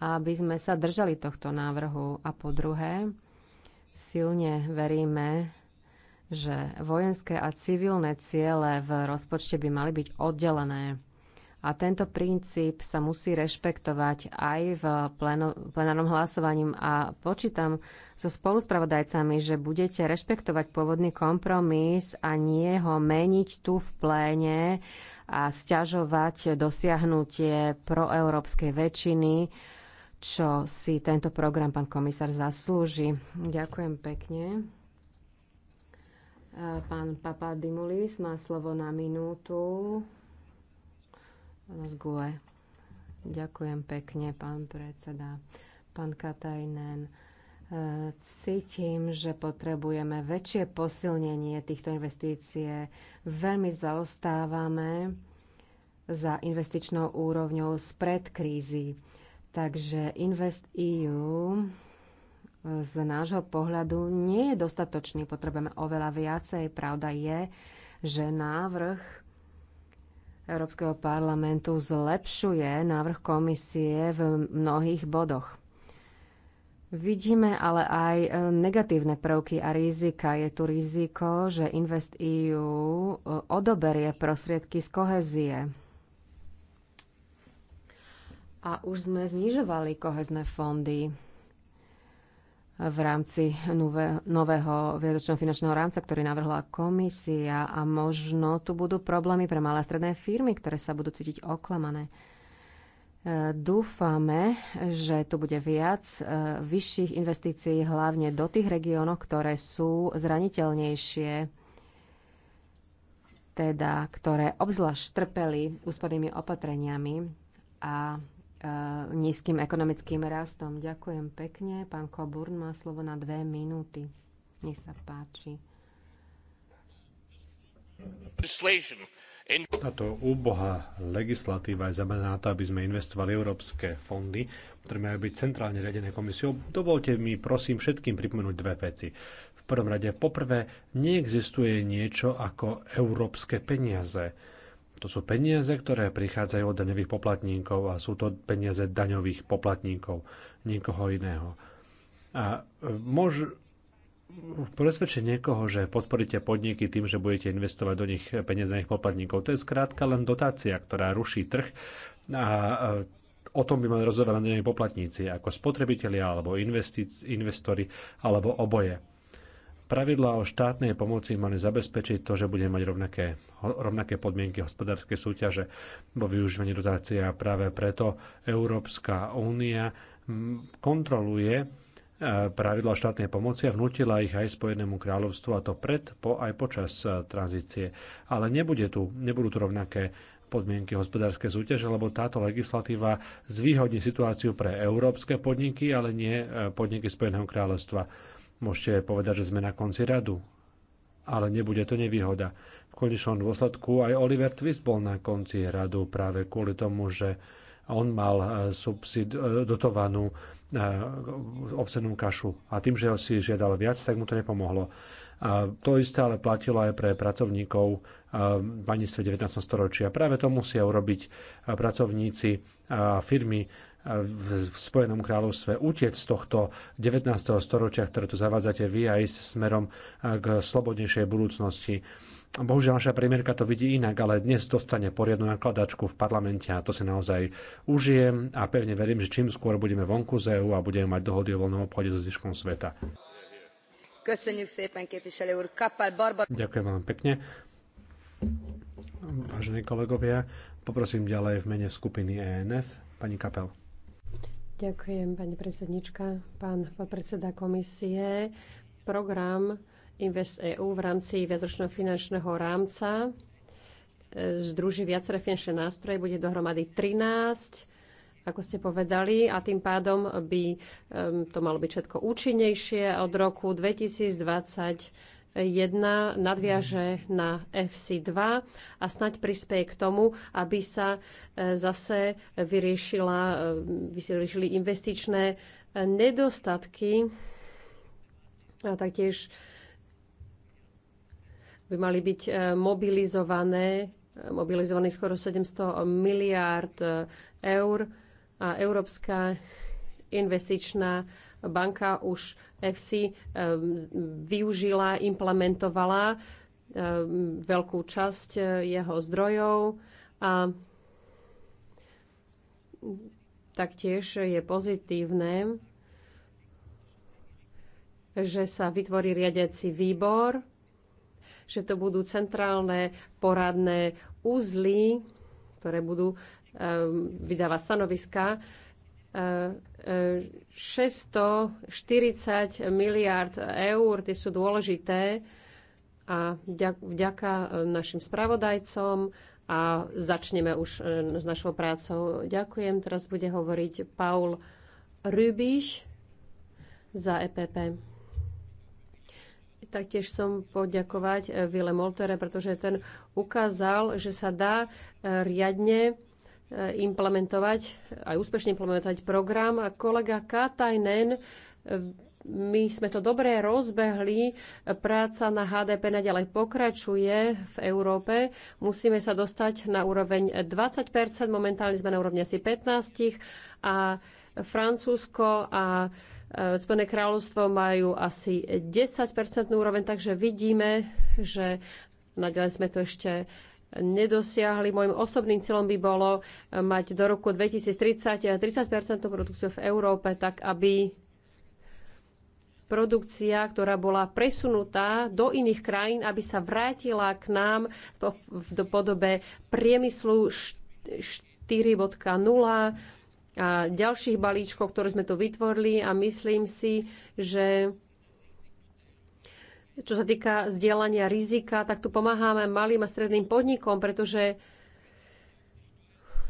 aby sme sa držali tohto návrhu. A po druhé, silne veríme, že vojenské a civilné ciele v rozpočte by mali byť oddelené. A tento princíp sa musí rešpektovať aj v pleno, plenárnom hlasovaním a počítam so spoluspravodajcami, že budete rešpektovať pôvodný kompromis a nie ho meniť tu v pléne a stiažovať dosiahnutie proeurópskej väčšiny, čo si tento program pán komisár zaslúži. Ďakujem pekne. Pán Papa Dimulis má slovo na minútu. Z Ďakujem pekne, pán predseda. Pán Katajnen, e, cítim, že potrebujeme väčšie posilnenie týchto investície. Veľmi zaostávame za investičnou úrovňou spred krízy Takže Invest EU eh, z nášho pohľadu nie je dostatočný, potrebujeme oveľa viacej. Pravda je, že návrh Európskeho parlamentu zlepšuje návrh komisie v mnohých bodoch. Vidíme ale aj eh, negatívne prvky a rizika. Je tu riziko, že Invest EU eh, odoberie prostriedky z kohezie a už sme znižovali kohezné fondy v rámci nové, nového viedočného finančného rámca, ktorý navrhla komisia a možno tu budú problémy pre malé a stredné firmy, ktoré sa budú cítiť oklamané. E, dúfame, že tu bude viac e, vyšších investícií, hlavne do tých regiónov, ktoré sú zraniteľnejšie, teda ktoré obzvlášť trpeli úspornými opatreniami a Eh, nízkym ekonomickým rastom. Ďakujem pekne. Pán Koburn má slovo na dve minúty. Nech sa páči. Táto úbohá legislatíva je zamená na to, aby sme investovali európske fondy, ktoré majú byť centrálne riadené komisiou. Dovolte mi prosím všetkým pripomenúť dve veci. V prvom rade, poprvé, neexistuje niečo ako európske peniaze to sú peniaze, ktoré prichádzajú od daňových poplatníkov a sú to peniaze daňových poplatníkov, nikoho iného. A e, môž, presvedčiť niekoho, že podporíte podniky tým, že budete investovať do nich peniaze daňových poplatníkov. To je skrátka len dotácia, ktorá ruší trh a e, o tom by mali rozhodovať daňoví poplatníci ako spotrebitelia alebo investori alebo oboje. Pravidlá o štátnej pomoci mali zabezpečiť to, že budeme mať rovnaké, rovnaké podmienky hospodárskej súťaže vo využívaní dotácie a práve preto Európska únia kontroluje e, pravidla štátnej pomoci a vnútila ich aj Spojenému kráľovstvu a to pred, po aj počas e, tranzície. Ale nebude tu, nebudú tu rovnaké podmienky hospodárskej súťaže, lebo táto legislatíva zvýhodní situáciu pre európske podniky, ale nie e, podniky Spojeného kráľovstva Môžete povedať, že sme na konci radu, ale nebude to nevýhoda. V konečnom dôsledku aj Oliver Twist bol na konci radu práve kvôli tomu, že on mal eh, subsid, eh, dotovanú eh, ovsenú kašu a tým, že ho si žiadal viac, tak mu to nepomohlo. A to isté ale platilo aj pre pracovníkov v 19. storočia. Práve to musia urobiť pracovníci a firmy v Spojenom kráľovstve utec z tohto 19. storočia, ktoré tu zavádzate vy a ísť smerom k slobodnejšej budúcnosti. Bohužiaľ, naša premiérka to vidí inak, ale dnes dostane poriadnu nakladačku v parlamente a to si naozaj užijem a pevne verím, že čím skôr budeme vonku z EU a budeme mať dohody o voľnom obchode so zvyškom sveta. Ďakujem vám pekne. Vážení kolegovia, poprosím ďalej v mene skupiny ENF pani Kapel. Ďakujem, pani predsednička, pán podpredseda komisie. Program Invest EU v rámci viacročného finančného rámca e, združí viaceré finančné nástroje, bude dohromady 13, ako ste povedali, a tým pádom by to malo byť všetko účinnejšie. Od roku 2020 1 nadviaže na FC2 a snaď prispieje k tomu, aby sa e, zase vyriešila, e, vyriešili investičné e, nedostatky a taktiež by mali byť mobilizované, mobilizovaných skoro 700 miliárd eur a Európska investičná banka už FC eh, využila, implementovala eh, veľkú časť eh, jeho zdrojov a taktiež je pozitívne, že sa vytvorí riadiaci výbor, že to budú centrálne poradné úzly, ktoré budú vydávať stanoviska 640 miliard eur, tie sú dôležité a vďaka e, našim spravodajcom a začneme už e, s našou prácou. Ďakujem. Teraz bude hovoriť Paul Rubiš za EPP. Taktiež som poďakovať Vile e, Moltere, pretože ten ukázal, že sa dá riadne implementovať, aj úspešne implementovať program. A kolega Katajnen, my sme to dobre rozbehli, práca na HDP naďalej pokračuje v Európe. Musíme sa dostať na úroveň 20 momentálne sme na úrovni asi 15 a Francúzsko a e, Spojené kráľovstvo majú asi 10 úroveň, takže vidíme, že naďalej sme to ešte nedosiahli. Mojim osobným cieľom by bolo eh, mať do roku 2030 30 eh, produkciu v Európe, tak aby produkcia, ktorá bola presunutá do iných krajín, aby sa vrátila k nám v podobe priemyslu 4.0 a ďalších balíčkov, ktoré sme tu vytvorili a myslím si, že čo sa týka zdieľania rizika, tak tu pomáhame malým a stredným podnikom, pretože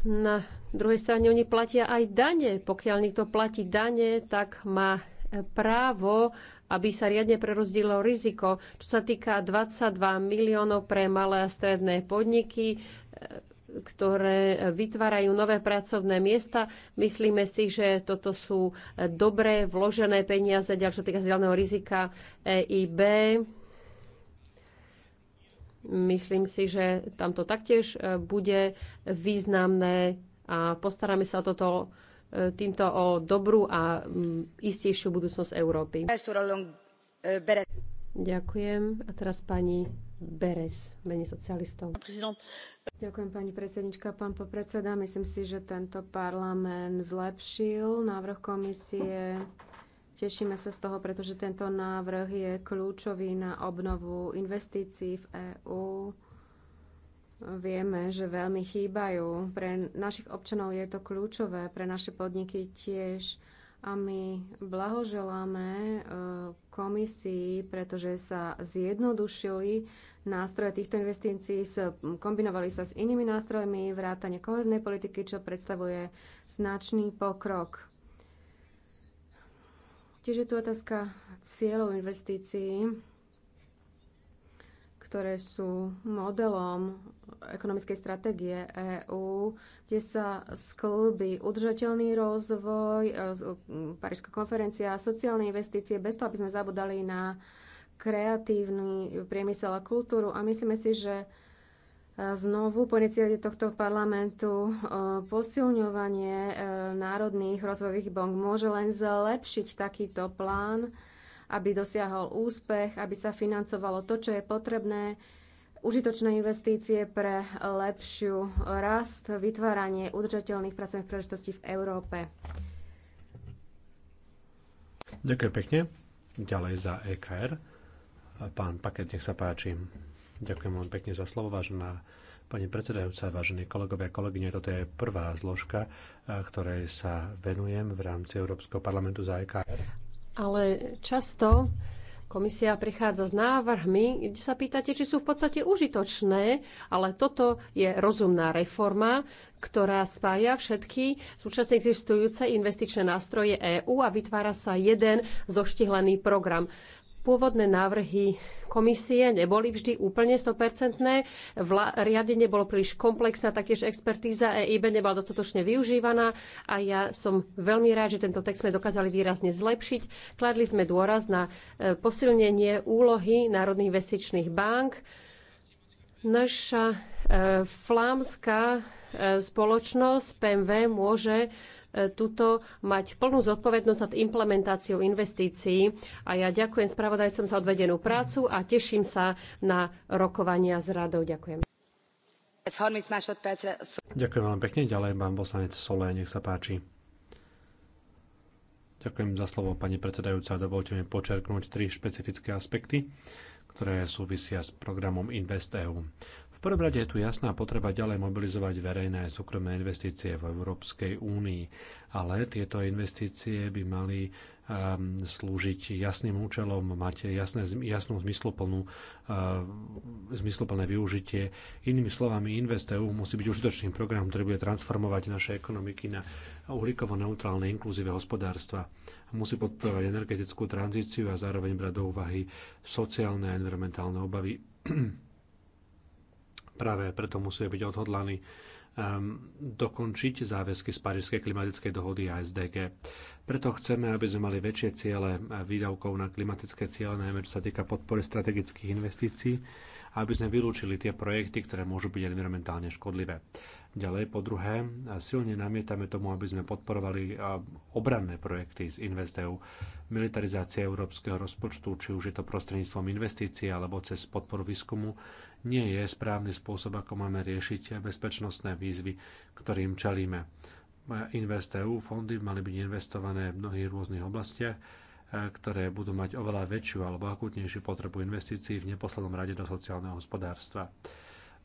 na druhej strane oni platia aj dane. Pokiaľ niekto platí dane, tak má právo, aby sa riadne prerozdielilo riziko. Čo sa týka 22 miliónov pre malé a stredné podniky, ktoré vytvárajú nové pracovné miesta. Myslíme si, že toto sú dobré vložené peniaze, ďalšie týka zeleného rizika EIB. Myslím si, že tamto taktiež e, bude významné a postaráme sa toto e, týmto o dobrú a mm, istejšiu budúcnosť Európy. E, Ďakujem. A teraz pani Beres, mene socialistov. Prezident. Ďakujem pani predsednička, pán popredseda. Myslím si, že tento parlament zlepšil návrh komisie. Tešíme sa z toho, pretože tento návrh je kľúčový na obnovu investícií v EÚ. Vieme, že veľmi chýbajú. Pre našich občanov je to kľúčové, pre naše podniky tiež. A my blahoželáme eh, komisii, pretože sa zjednodušili nástroje týchto investícií kombinovali sa s inými nástrojmi vrátane koheznej politiky, čo predstavuje značný pokrok. Tiež je tu otázka cieľov investícií, ktoré sú modelom ekonomickej stratégie EÚ, kde sa sklbí udržateľný rozvoj, e, Parížská konferencia, sociálne investície, bez toho, aby sme zabudali na kreatívny priemysel a kultúru a myslíme si, že e, znovu ponecielie tohto parlamentu e, posilňovanie e, národných rozvojových bank môže len zlepšiť takýto plán, aby dosiahol úspech, aby sa financovalo to, čo je potrebné, užitočné investície pre lepšiu rast, vytváranie udržateľných pracovných príležitostí v Európe. Ďakujem pekne. Ďalej za EKR Pán Paket, nech sa páči. Ďakujem vám pekne za slovo, vážená Pani predsedajúca, vážení kolegovia a kolegyne, toto je prvá zložka, eh, ktorej sa venujem v rámci Európskeho parlamentu za EKR. Ale často komisia prichádza s návrhmi, kde sa pýtate, či sú v podstate užitočné, ale toto je rozumná reforma, ktorá spája všetky súčasne existujúce investičné nástroje EÚ a vytvára sa jeden zoštihlený program pôvodné návrhy komisie neboli vždy úplne 100%. Vla- riadenie bolo príliš komplexné, taktiež expertíza EIB nebola dostatočne využívaná a ja som veľmi rád, že tento text sme dokázali výrazne zlepšiť. Kladli sme dôraz na e, posilnenie úlohy národných investičných bank. Naša e, flámska e, spoločnosť PMV môže tuto mať plnú zodpovednosť nad implementáciou investícií. A ja ďakujem spravodajcom za odvedenú prácu a teším sa na rokovania s radou. Ďakujem. Ďakujem veľmi pekne. Ďalej pán poslanec Solé, nech sa páči. Ďakujem za slovo, pani predsedajúca. Dovolte mi počerknúť tri špecifické aspekty, ktoré súvisia s programom InvestEU prvom rade je tu jasná potreba ďalej mobilizovať verejné a súkromné investície v Európskej únii, ale tieto investície by mali ehm, slúžiť jasným účelom, mať jasné, jasnú zmysluplnú, ehm, zmysluplné využitie. Inými slovami, InvestEU musí byť užitočným programom, ktorý bude transformovať naše ekonomiky na uhlíkovo-neutrálne inkluzíve hospodárstva. Musí podporovať energetickú tranzíciu a zároveň brať do úvahy sociálne a environmentálne obavy Práve preto musíme byť odhodlaní um, dokončiť záväzky z Parískej klimatickej dohody a SDG. Preto chceme, aby sme mali väčšie ciele výdavkov na klimatické ciele, najmä čo sa týka podpory strategických investícií, aby sme vylúčili tie projekty, ktoré môžu byť environmentálne škodlivé. Ďalej, po druhé, silne namietame tomu, aby sme podporovali obranné projekty z investov, militarizácie európskeho rozpočtu, či už je to prostredníctvom investícií alebo cez podporu výskumu, nie je správny spôsob, ako máme riešiť bezpečnostné výzvy, ktorým čelíme. InvestEU fondy mali byť investované v mnohých rôznych oblastiach, e, ktoré budú mať oveľa väčšiu alebo akútnejšiu potrebu investícií v neposlednom rade do sociálneho hospodárstva.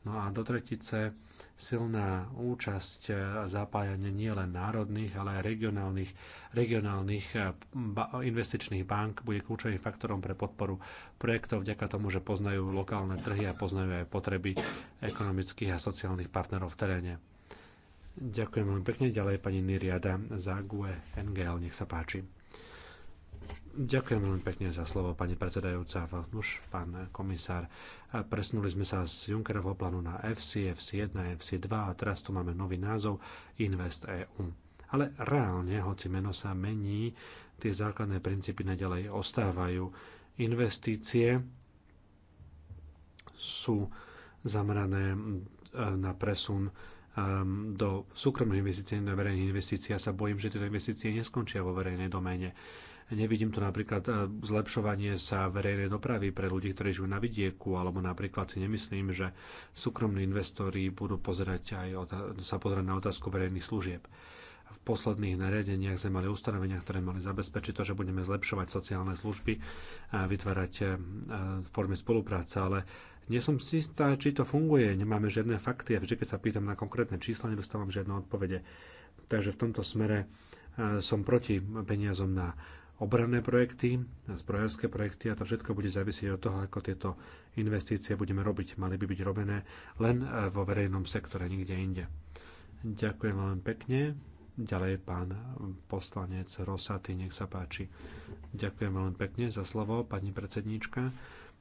No a do tretice silná účasť a zapájanie nielen národných, ale aj regionálnych, regionálnych eh, investičných bank bude kľúčovým faktorom pre podporu projektov vďaka tomu, že poznajú lokálne trhy a poznajú aj potreby ekonomických a sociálnych partnerov v teréne. Ďakujem veľmi pekne. Ďalej pani Niriada za GUE NGL. Nech sa páči. Ďakujem veľmi pekne za slovo, pani predsedajúca. Už pán komisár, presnuli sme sa z Junckerovho plánu na FC, FC1, FC2 a teraz tu máme nový názov Invest EU. Ale reálne, hoci meno sa mení, tie základné princípy nadalej ostávajú. Investície sú zamerané e, na presun e, do súkromných investícií na verejných investícií. Ja sa bojím, že tieto investície neskončia vo verejnej doméne Nevidím tu napríklad e, zlepšovanie sa verejnej dopravy pre ľudí, ktorí žijú na vidieku, alebo napríklad si nemyslím, že súkromní investori budú pozerať aj sa pozerať na otázku verejných služieb v posledných nariadeniach sme mali ustanovenia, ktoré mali zabezpečiť to, že budeme zlepšovať sociálne služby a vytvárať e, e, formy spolupráce, ale nie som si istá, či to funguje, nemáme žiadne fakty a vždy, keď sa pýtam na konkrétne čísla, nedostávam žiadne odpovede. Takže v tomto smere som proti peniazom na obranné projekty, zbrojárske projekty a to všetko bude závisieť od toho, ako tieto investície budeme robiť. Mali by byť robené len eh, vo verejnom sektore, nikde inde. Ďakujem veľmi pekne. Ďalej pán eh, poslanec Rosaty, nech sa páči. Ďakujem veľmi pekne za slovo, pani predsedníčka.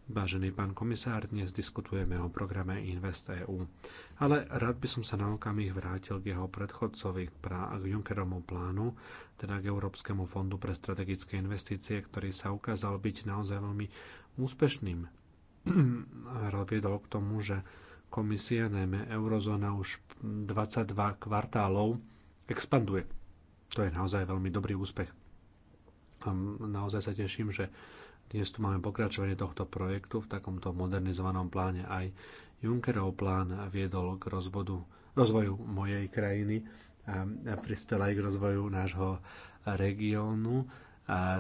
Vážený pán komisár, dnes diskutujeme o programe InvestEU, ale rád by som sa na okamih vrátil k jeho predchodcovi, k, pra- k Junckerovmu plánu, teda k Európskemu fondu pre strategické investície, ktorý sa ukázal byť naozaj veľmi úspešným. Viedol k tomu, že komisia, najmä eurozóna, už 22 kvartálov expanduje. To je naozaj veľmi dobrý úspech. naozaj sa teším, že dnes tu máme pokračovanie tohto projektu v takomto modernizovanom pláne. Aj Junckerov plán viedol k rozvodu, rozvoju mojej krajiny a prispel aj k rozvoju nášho regiónu,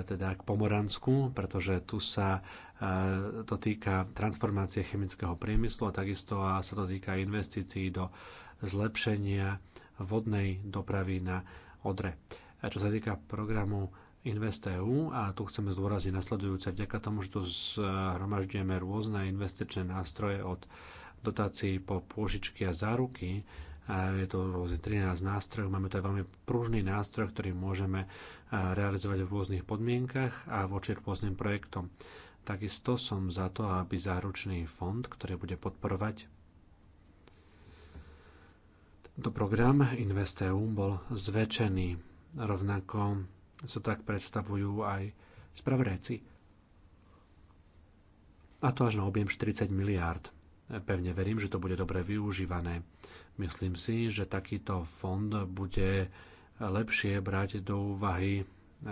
teda k Pomoransku, pretože tu sa to týka transformácie chemického priemyslu a takisto sa to týka investícií do zlepšenia vodnej dopravy na Odre. A čo sa týka programu InvestEU a tu chceme zdôrazniť nasledujúce. Vďaka tomu, že tu zhromažďujeme rôzne investičné nástroje od dotácií po pôžičky a záruky, je to rôzne 13 nástrojov, máme to aj veľmi pružný nástroj, ktorý môžeme realizovať v rôznych podmienkach a voči rôznym projektom. Takisto som za to, aby záručný fond, ktorý bude podporovať tento program InvestEU bol zväčšený. Rovnako sa tak predstavujú aj spravodajci. A to až na objem 40 miliárd. Pevne verím, že to bude dobre využívané. Myslím si, že takýto fond bude lepšie brať do úvahy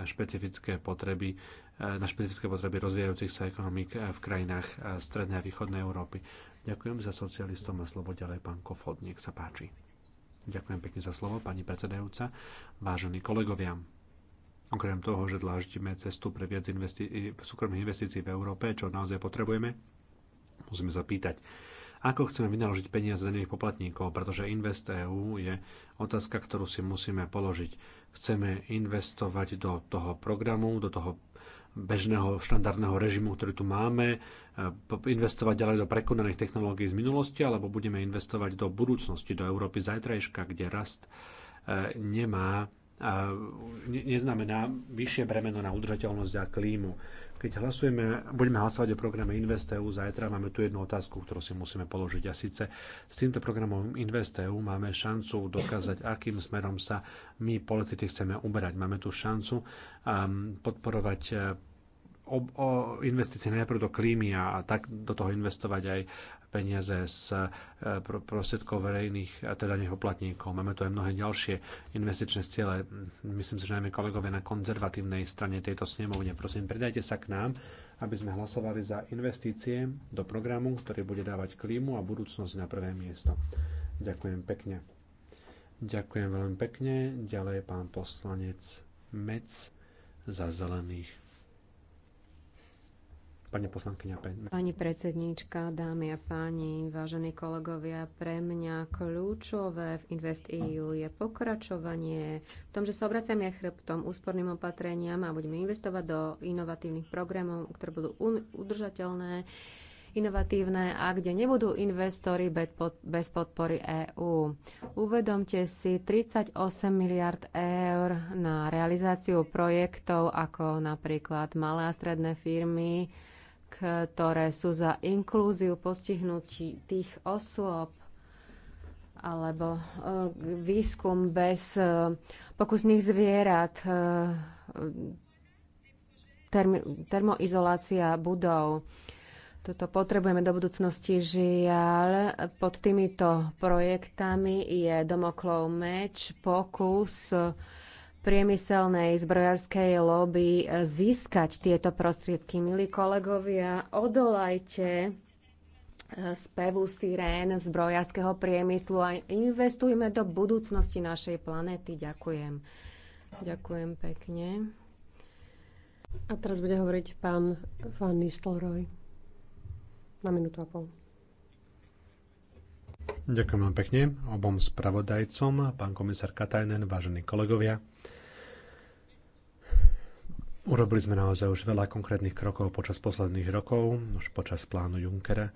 špecifické potreby na špecifické potreby rozvíjajúcich sa ekonomík v krajinách strednej a východnej Európy. Ďakujem za socialistom a slovo ďalej pán Kofod, nech sa páči. Ďakujem pekne za slovo, pani predsedajúca, vážení kolegovia. Okrem toho, že dláždime cestu pre viac investi- súkromných investícií v Európe, čo naozaj potrebujeme, musíme sa pýtať, ako chceme vynaložiť peniaze daných poplatníkov, pretože Invest EU je otázka, ktorú si musíme položiť. Chceme investovať do toho programu, do toho bežného štandardného režimu, ktorý tu máme, e, investovať ďalej do prekonaných technológií z minulosti, alebo budeme investovať do budúcnosti, do Európy zajtrajška, kde rast e, nemá neznamená vyššie bremeno na udržateľnosť a klímu. Keď hlasujeme, budeme hlasovať o programe InvestEU, zajtra máme tu jednu otázku, ktorú si musíme položiť. A síce s týmto programom InvestEU máme šancu dokázať, akým smerom sa my politici chceme uberať. Máme tu šancu um, podporovať o, o investície najprv do klímy a tak do toho investovať aj peniaze z e, prostriedkov verejných, teda nepoplatníkov. Máme tu aj mnohé ďalšie investičné ciele. Myslím si, že najmä kolegovia na konzervatívnej strane tejto snemovne. Prosím, pridajte sa k nám, aby sme hlasovali za investície do programu, ktorý bude dávať klímu a budúcnosť na prvé miesto. Ďakujem pekne. Ďakujem veľmi pekne. Ďalej pán poslanec Mec za zelených. Pani poslankyňa Pen. Pani predsedníčka, dámy a páni, vážení kolegovia, pre mňa kľúčové v InvestEU je pokračovanie v tom, že sa obraciame chrbtom úsporným opatreniam a budeme investovať do inovatívnych programov, ktoré budú udržateľné, inovatívne a kde nebudú investori bez podpory EÚ. Uvedomte si 38 miliard eur na realizáciu projektov ako napríklad malé a stredné firmy, ktoré sú za inklúziu postihnutí tých osôb alebo e, výskum bez e, pokusných zvierat, e, termoizolácia budov. Toto potrebujeme do budúcnosti. Žiaľ, pod týmito projektami je domoklov meč, pokus priemyselnej zbrojárskej lobby e, získať tieto prostriedky. Milí kolegovia, odolajte e, spevu sirén zbrojárskeho priemyslu a investujme do budúcnosti našej planéty. Ďakujem. Ďakujem pekne. A teraz bude hovoriť pán Van Nistelrooy na minútu a pol. Ďakujem vám pekne obom spravodajcom, pán komisár Katajnen, vážení kolegovia. Urobili sme naozaj už veľa konkrétnych krokov počas posledných rokov, už počas plánu Junckera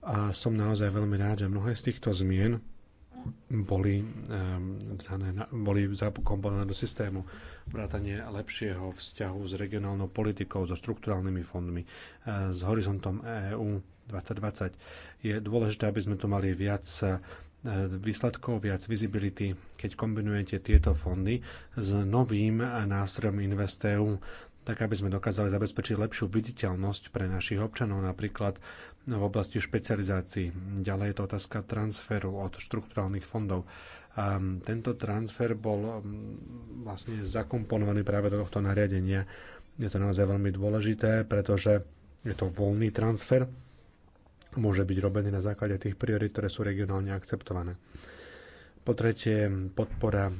a som naozaj veľmi rád, že mnohé z týchto zmien boli, um, boli zakomponované do systému. Vrátanie lepšieho vzťahu s regionálnou politikou, so štruktúralnými fondmi, e, s horizontom EÚ 2020. Je dôležité, aby sme tu mali viac výsledkov, viac visibility, keď kombinujete tieto fondy s novým nástrojom InvestEU, tak aby sme dokázali zabezpečiť lepšiu viditeľnosť pre našich občanov, napríklad v oblasti špecializácií. Ďalej je to otázka transferu od štrukturálnych fondov. Um, tento transfer bol um, vlastne zakomponovaný práve do tohto nariadenia. Je to naozaj veľmi dôležité, pretože je to voľný transfer, môže byť robený na základe tých priorit, ktoré sú regionálne akceptované. Po tretie, podpora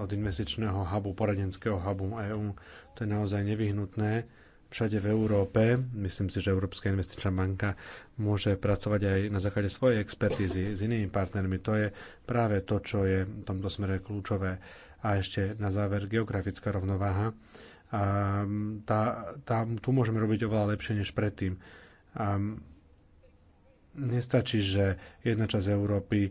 od investičného hubu, poradenského hubu EÚ. To je naozaj nevyhnutné všade v Európe. Myslím si, že Európska investičná banka môže pracovať aj na základe svojej expertízy s inými partnermi. To je práve to, čo je v tomto smere kľúčové. A ešte na záver geografická rovnováha. A tá, tá, tu môžeme robiť oveľa lepšie než predtým. A Nestačí, že jedna časť Európy e,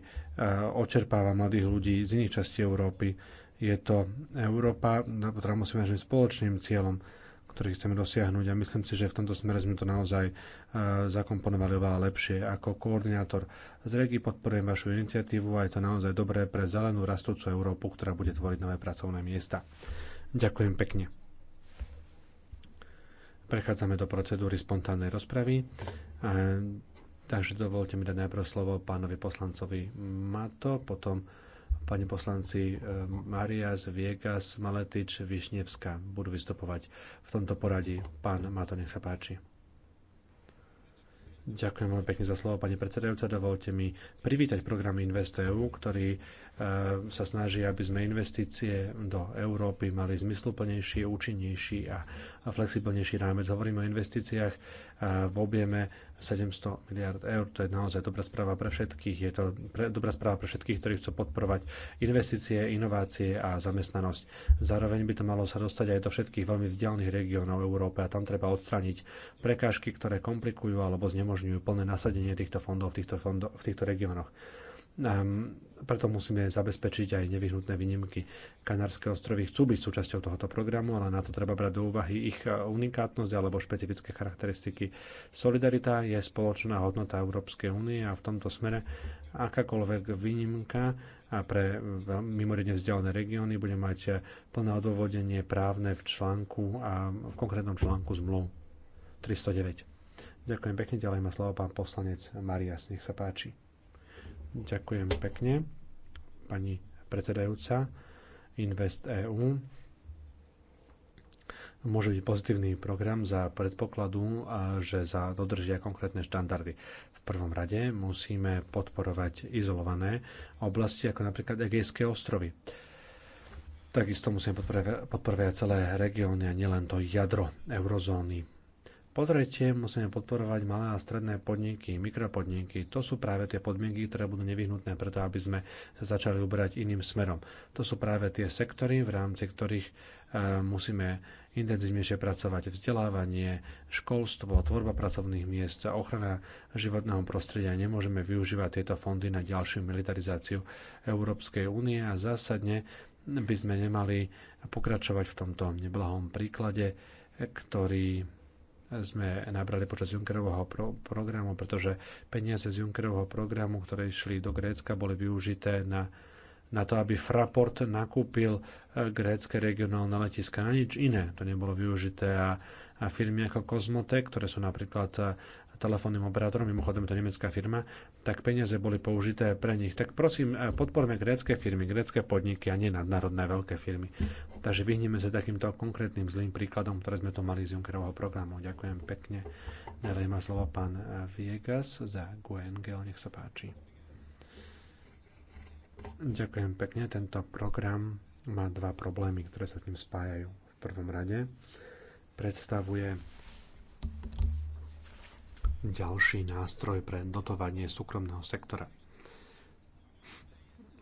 očerpáva mladých ľudí z iných častí Európy. Je to Európa, ktorá musí mať spoločným cieľom, ktorý chceme dosiahnuť a myslím si, že v tomto smere sme to naozaj e, zakomponovali oveľa lepšie. Ako koordinátor z Regi podporujem vašu iniciatívu a je to naozaj dobré pre zelenú rastúcu Európu, ktorá bude tvoriť nové pracovné miesta. Ďakujem pekne. Prechádzame do procedúry spontánnej rozpravy. Takže dovolte mi dať najprv slovo pánovi poslancovi Mato, potom pani poslanci e, Maria z Viegas, Maletič, Višnevská budú vystupovať v tomto poradí. Pán Mato, nech sa páči. Ďakujem veľmi pekne za slovo, pani predsedajúca. Dovolte mi privítať program InvestEU, ktorý e, sa snaží, aby sme investície do Európy mali zmysluplnejší, účinnejší a flexibilnejší rámec. Hovoríme o investíciách e, v objeme 700 miliard eur. To je naozaj dobrá správa pre všetkých. Je to pre, dobrá správa pre všetkých, ktorí chcú podporovať investície, inovácie a zamestnanosť. Zároveň by to malo sa dostať aj do všetkých veľmi vzdialených regiónov Európy a tam treba odstrániť prekážky, ktoré komplikujú alebo znemožňujú plné nasadenie týchto fondov v týchto, v týchto regiónoch. Ehm, preto musíme zabezpečiť aj nevyhnutné výnimky. Kanárske ostrovy chcú byť súčasťou tohoto programu, ale na to treba brať do úvahy ich unikátnosť alebo špecifické charakteristiky. Solidarita je spoločná hodnota Európskej únie a v tomto smere akákoľvek výnimka a pre mimoriadne vzdialené regióny bude mať plné odôvodenie právne v článku a v konkrétnom článku zmluv 309. Ďakujem pekne, ďalej má slovo pán poslanec Marias, nech sa páči. Ďakujem pekne, pani predsedajúca. Invest EU môže byť pozitívny program za predpokladu, že za dodržia konkrétne štandardy. V prvom rade musíme podporovať izolované oblasti, ako napríklad Egejské ostrovy. Takisto musíme podporovať celé regióny a nielen to jadro eurozóny po tretie, musíme podporovať malé a stredné podniky, mikropodniky. To sú práve tie podmienky, ktoré budú nevyhnutné preto, aby sme sa začali uberať iným smerom. To sú práve tie sektory, v rámci ktorých e, musíme intenzívnejšie pracovať. Vzdelávanie, školstvo, tvorba pracovných miest a ochrana životného prostredia. Nemôžeme využívať tieto fondy na ďalšiu militarizáciu Európskej únie a zásadne by sme nemali pokračovať v tomto neblahom príklade, ktorý sme nabrali počas Junckerovho pro- programu, pretože peniaze z Junckerovho programu, ktoré išli do Grécka, boli využité na na to, aby Fraport nakúpil e, grécké regionálne letiska na nič iné. To nebolo využité a, a firmy ako Cosmotech, ktoré sú napríklad e, telefónnym operátorom, mimochodom to nemecká firma, tak peniaze boli použité pre nich. Tak prosím, e, podporme grécké firmy, grécké podniky a nie nadnárodné veľké firmy. Takže vyhneme sa takýmto konkrétnym zlým príkladom, ktoré sme tu mali z Junckerovho programu. Ďakujem pekne. Ďalej má slovo pán Viegas za Guengel. Nech sa páči. Ďakujem pekne. Tento program má dva problémy, ktoré sa s ním spájajú. V prvom rade predstavuje ďalší nástroj pre dotovanie súkromného sektora.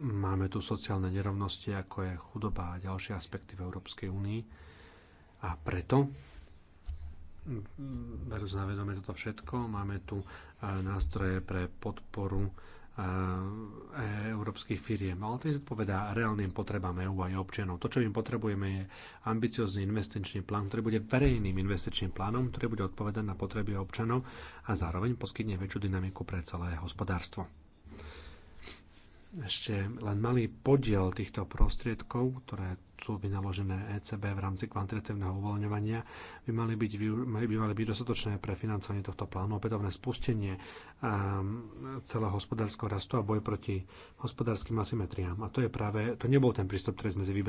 Máme tu sociálne nerovnosti, ako je chudoba a ďalšie aspekty v Európskej únii. A preto mm, berú na vedomie toto všetko. Máme tu e, nástroje pre podporu Eh, eh, európskych firiem, ale to zodpovedá reálnym potrebám EÚ aj občanov. To, čo im potrebujeme, je ambiciozný investičný plán, ktorý bude verejným investičným plánom, ktorý bude odpovedať na potreby občanov a zároveň poskytne väčšiu dynamiku pre celé hospodárstvo ešte len malý podiel týchto prostriedkov, ktoré sú vynaložené ECB v rámci kvantitatívneho uvoľňovania, by mali byť, by mali byť dostatočné pre financovanie tohto plánu, opätovné spustenie ehm, celého hospodárskeho rastu a boj proti hospodárskym asymetriám. A to je práve, to nebol ten prístup, ktorý sme si vybrali